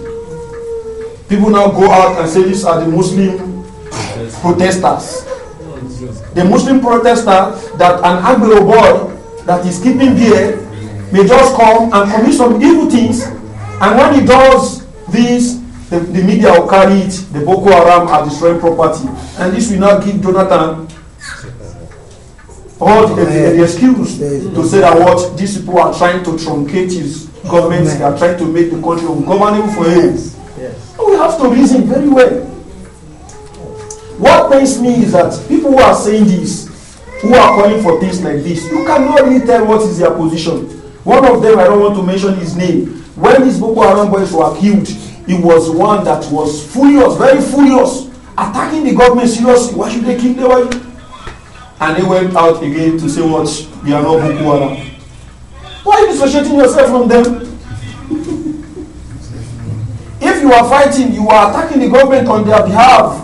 [SPEAKER 1] people now go out and say these are the Muslims." protesters. The Muslim protester that an Anglo boy that is keeping beer may just come and commit some evil things, and when he does this, the, the media will carry it. The Boko Haram are destroying property, and this will now give Jonathan all the, the, excuse to say that what these people are trying to truncate his government, they are trying to make the country ungovernable for him. Yes. We have to reason very well. What pains me is that people who are saying this, who are calling for things like this, you cannot really tell what is their position. One of them, I don't want to mention his name, when these Boko Haram boys were killed, he was one that was furious, very furious, attacking the government seriously. Why should they kill the wife? And they went out again to say what we are not Boko Haram. Why are you dissociating yourself from them? if you are fighting, you are attacking the government on their behalf.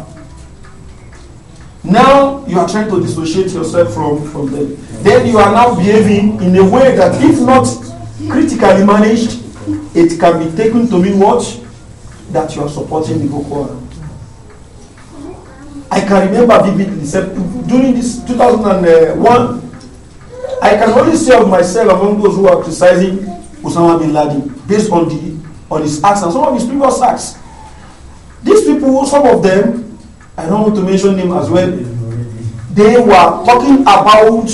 [SPEAKER 1] Now you are trying to dissociate yourself from, from them. Then you are now behaving in a way that, if not critically managed, it can be taken to mean what? That you are supporting the Boko Haram. I can remember vividly during this 2001. I can only say of myself among those who are criticizing Usama bin Laden based on the on his acts and some of his previous acts. These people, some of them, I don't want to mention him as well. They were talking about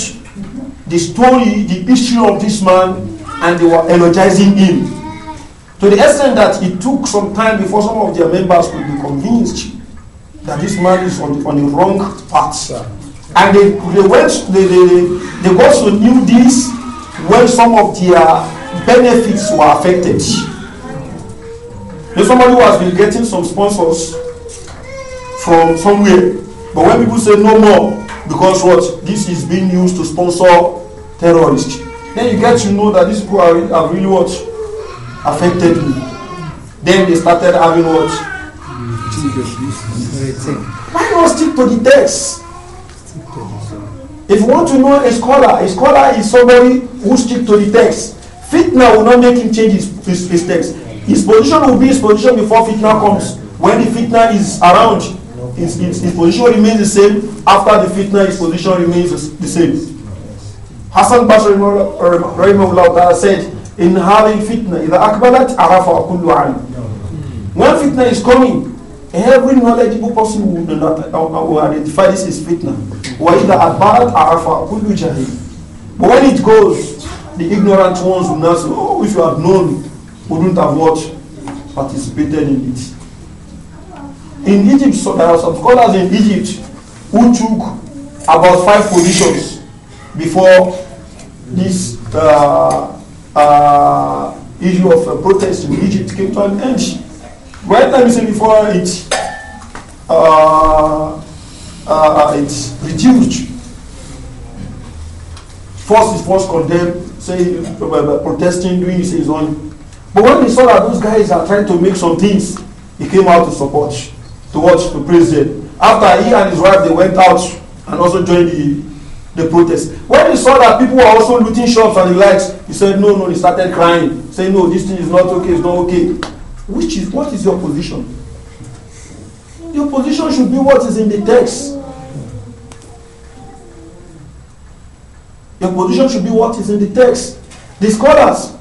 [SPEAKER 1] the story, the history of this man, and they were energizing him. To the extent that it took some time before some of their members could be convinced that this man is on the, on the wrong path. And they, they went, they, they, they also knew this when some of their benefits were affected. There's somebody who has been getting some sponsors from somewhere. But when people say no more, because what this is being used to sponsor terrorists, then you get to know that these people are, are really what affected me. Then they started having what. Why not stick to the text? If you want to know a scholar, a scholar is somebody who stick to the text. Fitna will not make him change his, his, his text. His position will be his position before fitna comes. When the fitna is around, his, his, his position remains the same. After the fitna, his position remains the same. Hassan Basri Rahimahullah said, In having fitna, إذا أقبلت عرف كل عالم. When fitna is coming, every knowledgeable person will, will identify this is fitna. وإذا أدبرت عرف كل جاهل. But when it goes, the ignorant ones will not Oh, if you had known, wouldn't have what participated in it. In Egypt, so there are some scholars in Egypt who took about five positions before this uh, uh, issue of uh, protest in Egypt came to an end. Right now, you say before it, uh, uh, uh it reduced. First is first condemned, say uh, uh, protesting, doing his own. But when he saw that those guys are trying to make some things, he came out to support. towards to prison. After he and his wife they went out and also joined the, the protest. When he saw that people were also looting shops and the likes, he said, No, no, he started crying, saying, No, this thing is not okay, it's not okay. Which is what is your position? Your position should be what is in the text. Your position should be what is in the text. The scholars,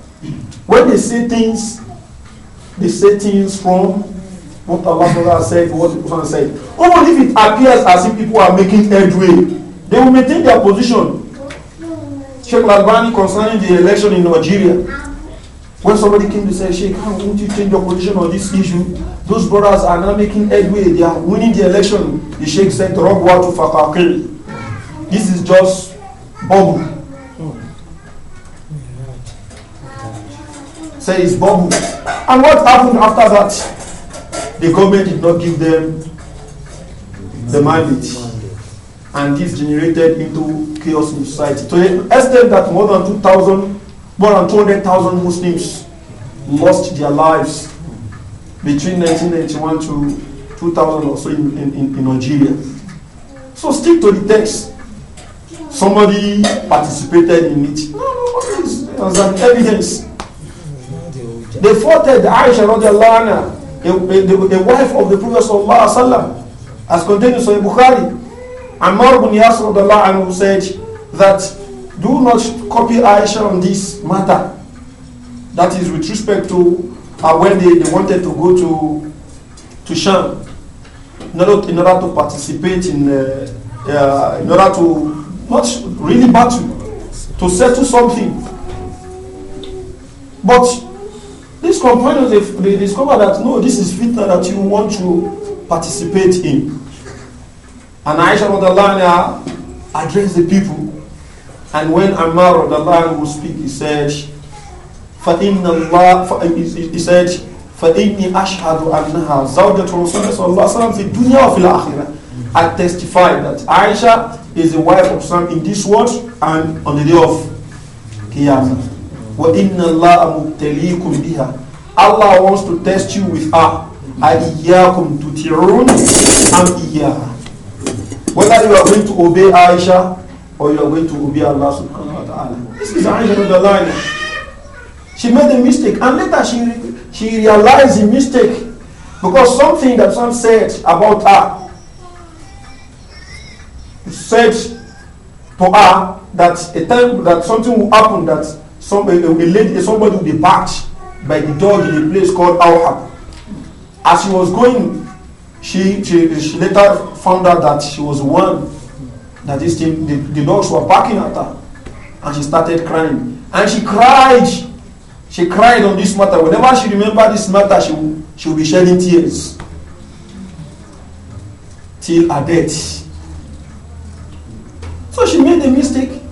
[SPEAKER 1] when they say things, they say things from What Mutawafila said what the Prophet said. Even if it appears as if people are making headway, they will maintain their position. Sheikh Albani concerning the election in Nigeria. When somebody came to say, Sheikh, how won't you change your position on this issue? Those brothers are not making headway, they are winning the election. The Sheikh said, Rogwa to Fakakiri. This is just bubble. Say it's bubble. And what happened after that? The government did not give them the mandate. And this generated into chaos in society. To the extent that more than 2,000, more than 200,000 Muslims lost their lives between 1991 to 2000 or so in, in, in Nigeria. So stick to the text. Somebody participated in it. No, no, there was an evidence. They fought Aisha radiallahu anha the, wife of the Prophet sallallahu alaihi wasallam, as contained in Sahih Bukhari, Ammar ibn Yasir anhu said that do not copy Aisha on this matter. That is with respect to uh, when they, they wanted to go to to Sham in order, in order to participate in uh, uh, in order to not really battle to settle something. But these companions, they, they discover that no, this is fitna that you want to participate in. And Aisha Radallahu addressed the people. And when Ammar Radallahu would speak, he said, فإن الله he said فإني أشهد أنها زوجة رسول صلى الله عليه في الدنيا وفي الآخرة I testify that Aisha is the wife of Sam in this world and on the day of Qiyamah. وَإِنَّ اللَّهَ مُبْتَلِيكُمْ بِهَا Allah wants to test you with her. أَإِيَّاكُمْ تُتِعُونَ أَمْ إِيَّاهَا Whether you are going to obey Aisha or you are going to obey Allah subhanahu wa ta'ala. This is Aisha of the line. She made a mistake and later she, she realized the mistake because something that someone said about her said to her that a time that something will happen that Somebody, a, lady, somebody will be backed by the dog in a place called Awhab. As she was going, she, she, she later found out that she was one, that this thing, the, the dogs were barking at her. And she started crying. And she cried. She cried on this matter. Whenever she remembered this matter, she will, she will be shedding tears. Till her death. So she made a mistake.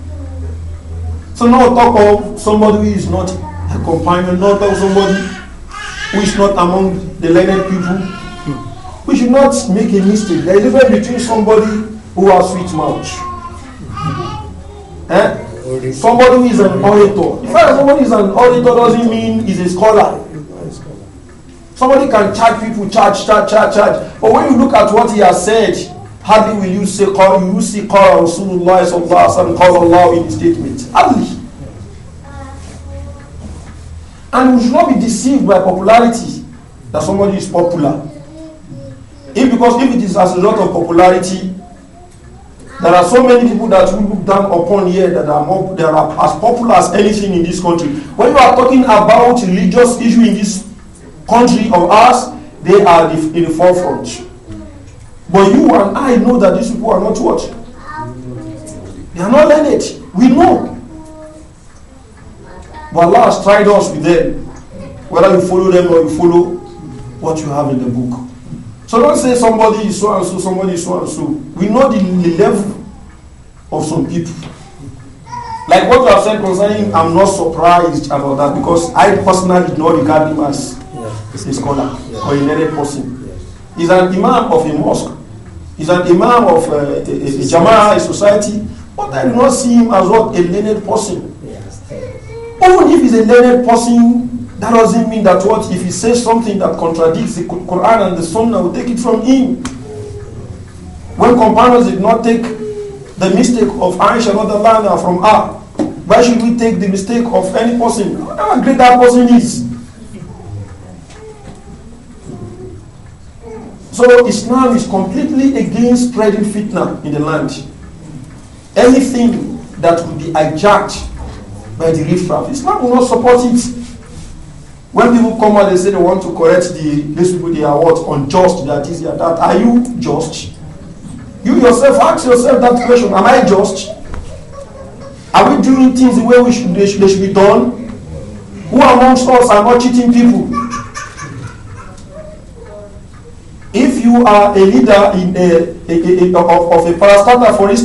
[SPEAKER 1] So no talk of somebody who is not a companion, not of somebody who is not among the learned people. We should not make a mistake. There is difference between somebody who has sweet mouth. Eh? Somebody who is an orator. In fact, somebody who is an orator doesn't mean he's a scholar. Somebody can charge people, charge, charge, charge, charge. But when you look at what he has said, Hardly will you say, call, you see, call Rasulullah sallallahu alaihi wasallam, call Allah in his statement. Hardly. And we should not be deceived by popularity that somebody is popular. If because if it is as a lot of popularity, there are so many people that we look down upon here that are more, that are as popular as anything in this country. When you are talking about religious issue in this country of ours, they are in the forefront. But you and I know that these people are not what? They are not learned. We know. But Allah has tried us with them. Whether you follow them or you follow what you have in the book. So don't say somebody is so and so, somebody is so and so. We know the, level of some people. Like what you have said concerning, I'm not surprised about that because I personally do not regard him as yeah. a scholar yeah. or a learned person. He's an imam of a mosque. He's an imam of uh, a, a, a Jamaah, a society. But I do not see him as what a learned person. Even if he's a learned person, that doesn't mean that what if he says something that contradicts the Quran and the Sunnah, we take it from him. When companions did not take the mistake of Aisha from her, why should we take the mistake of any person? However great that person is. So Islam is completely against spreading fitna in the land. Anything that would be hijacked by the riffraff, Islam will not support it. When people come out, they say they want to correct the these people they are what unjust, That are this, they that. Are you just? You yourself ask yourself that question: Am I just? Are we doing things the way we should, they should, they should be done? Who amongst us are not cheating people?
[SPEAKER 2] you are a leader in a, a, a, a of, of a parastatal for instance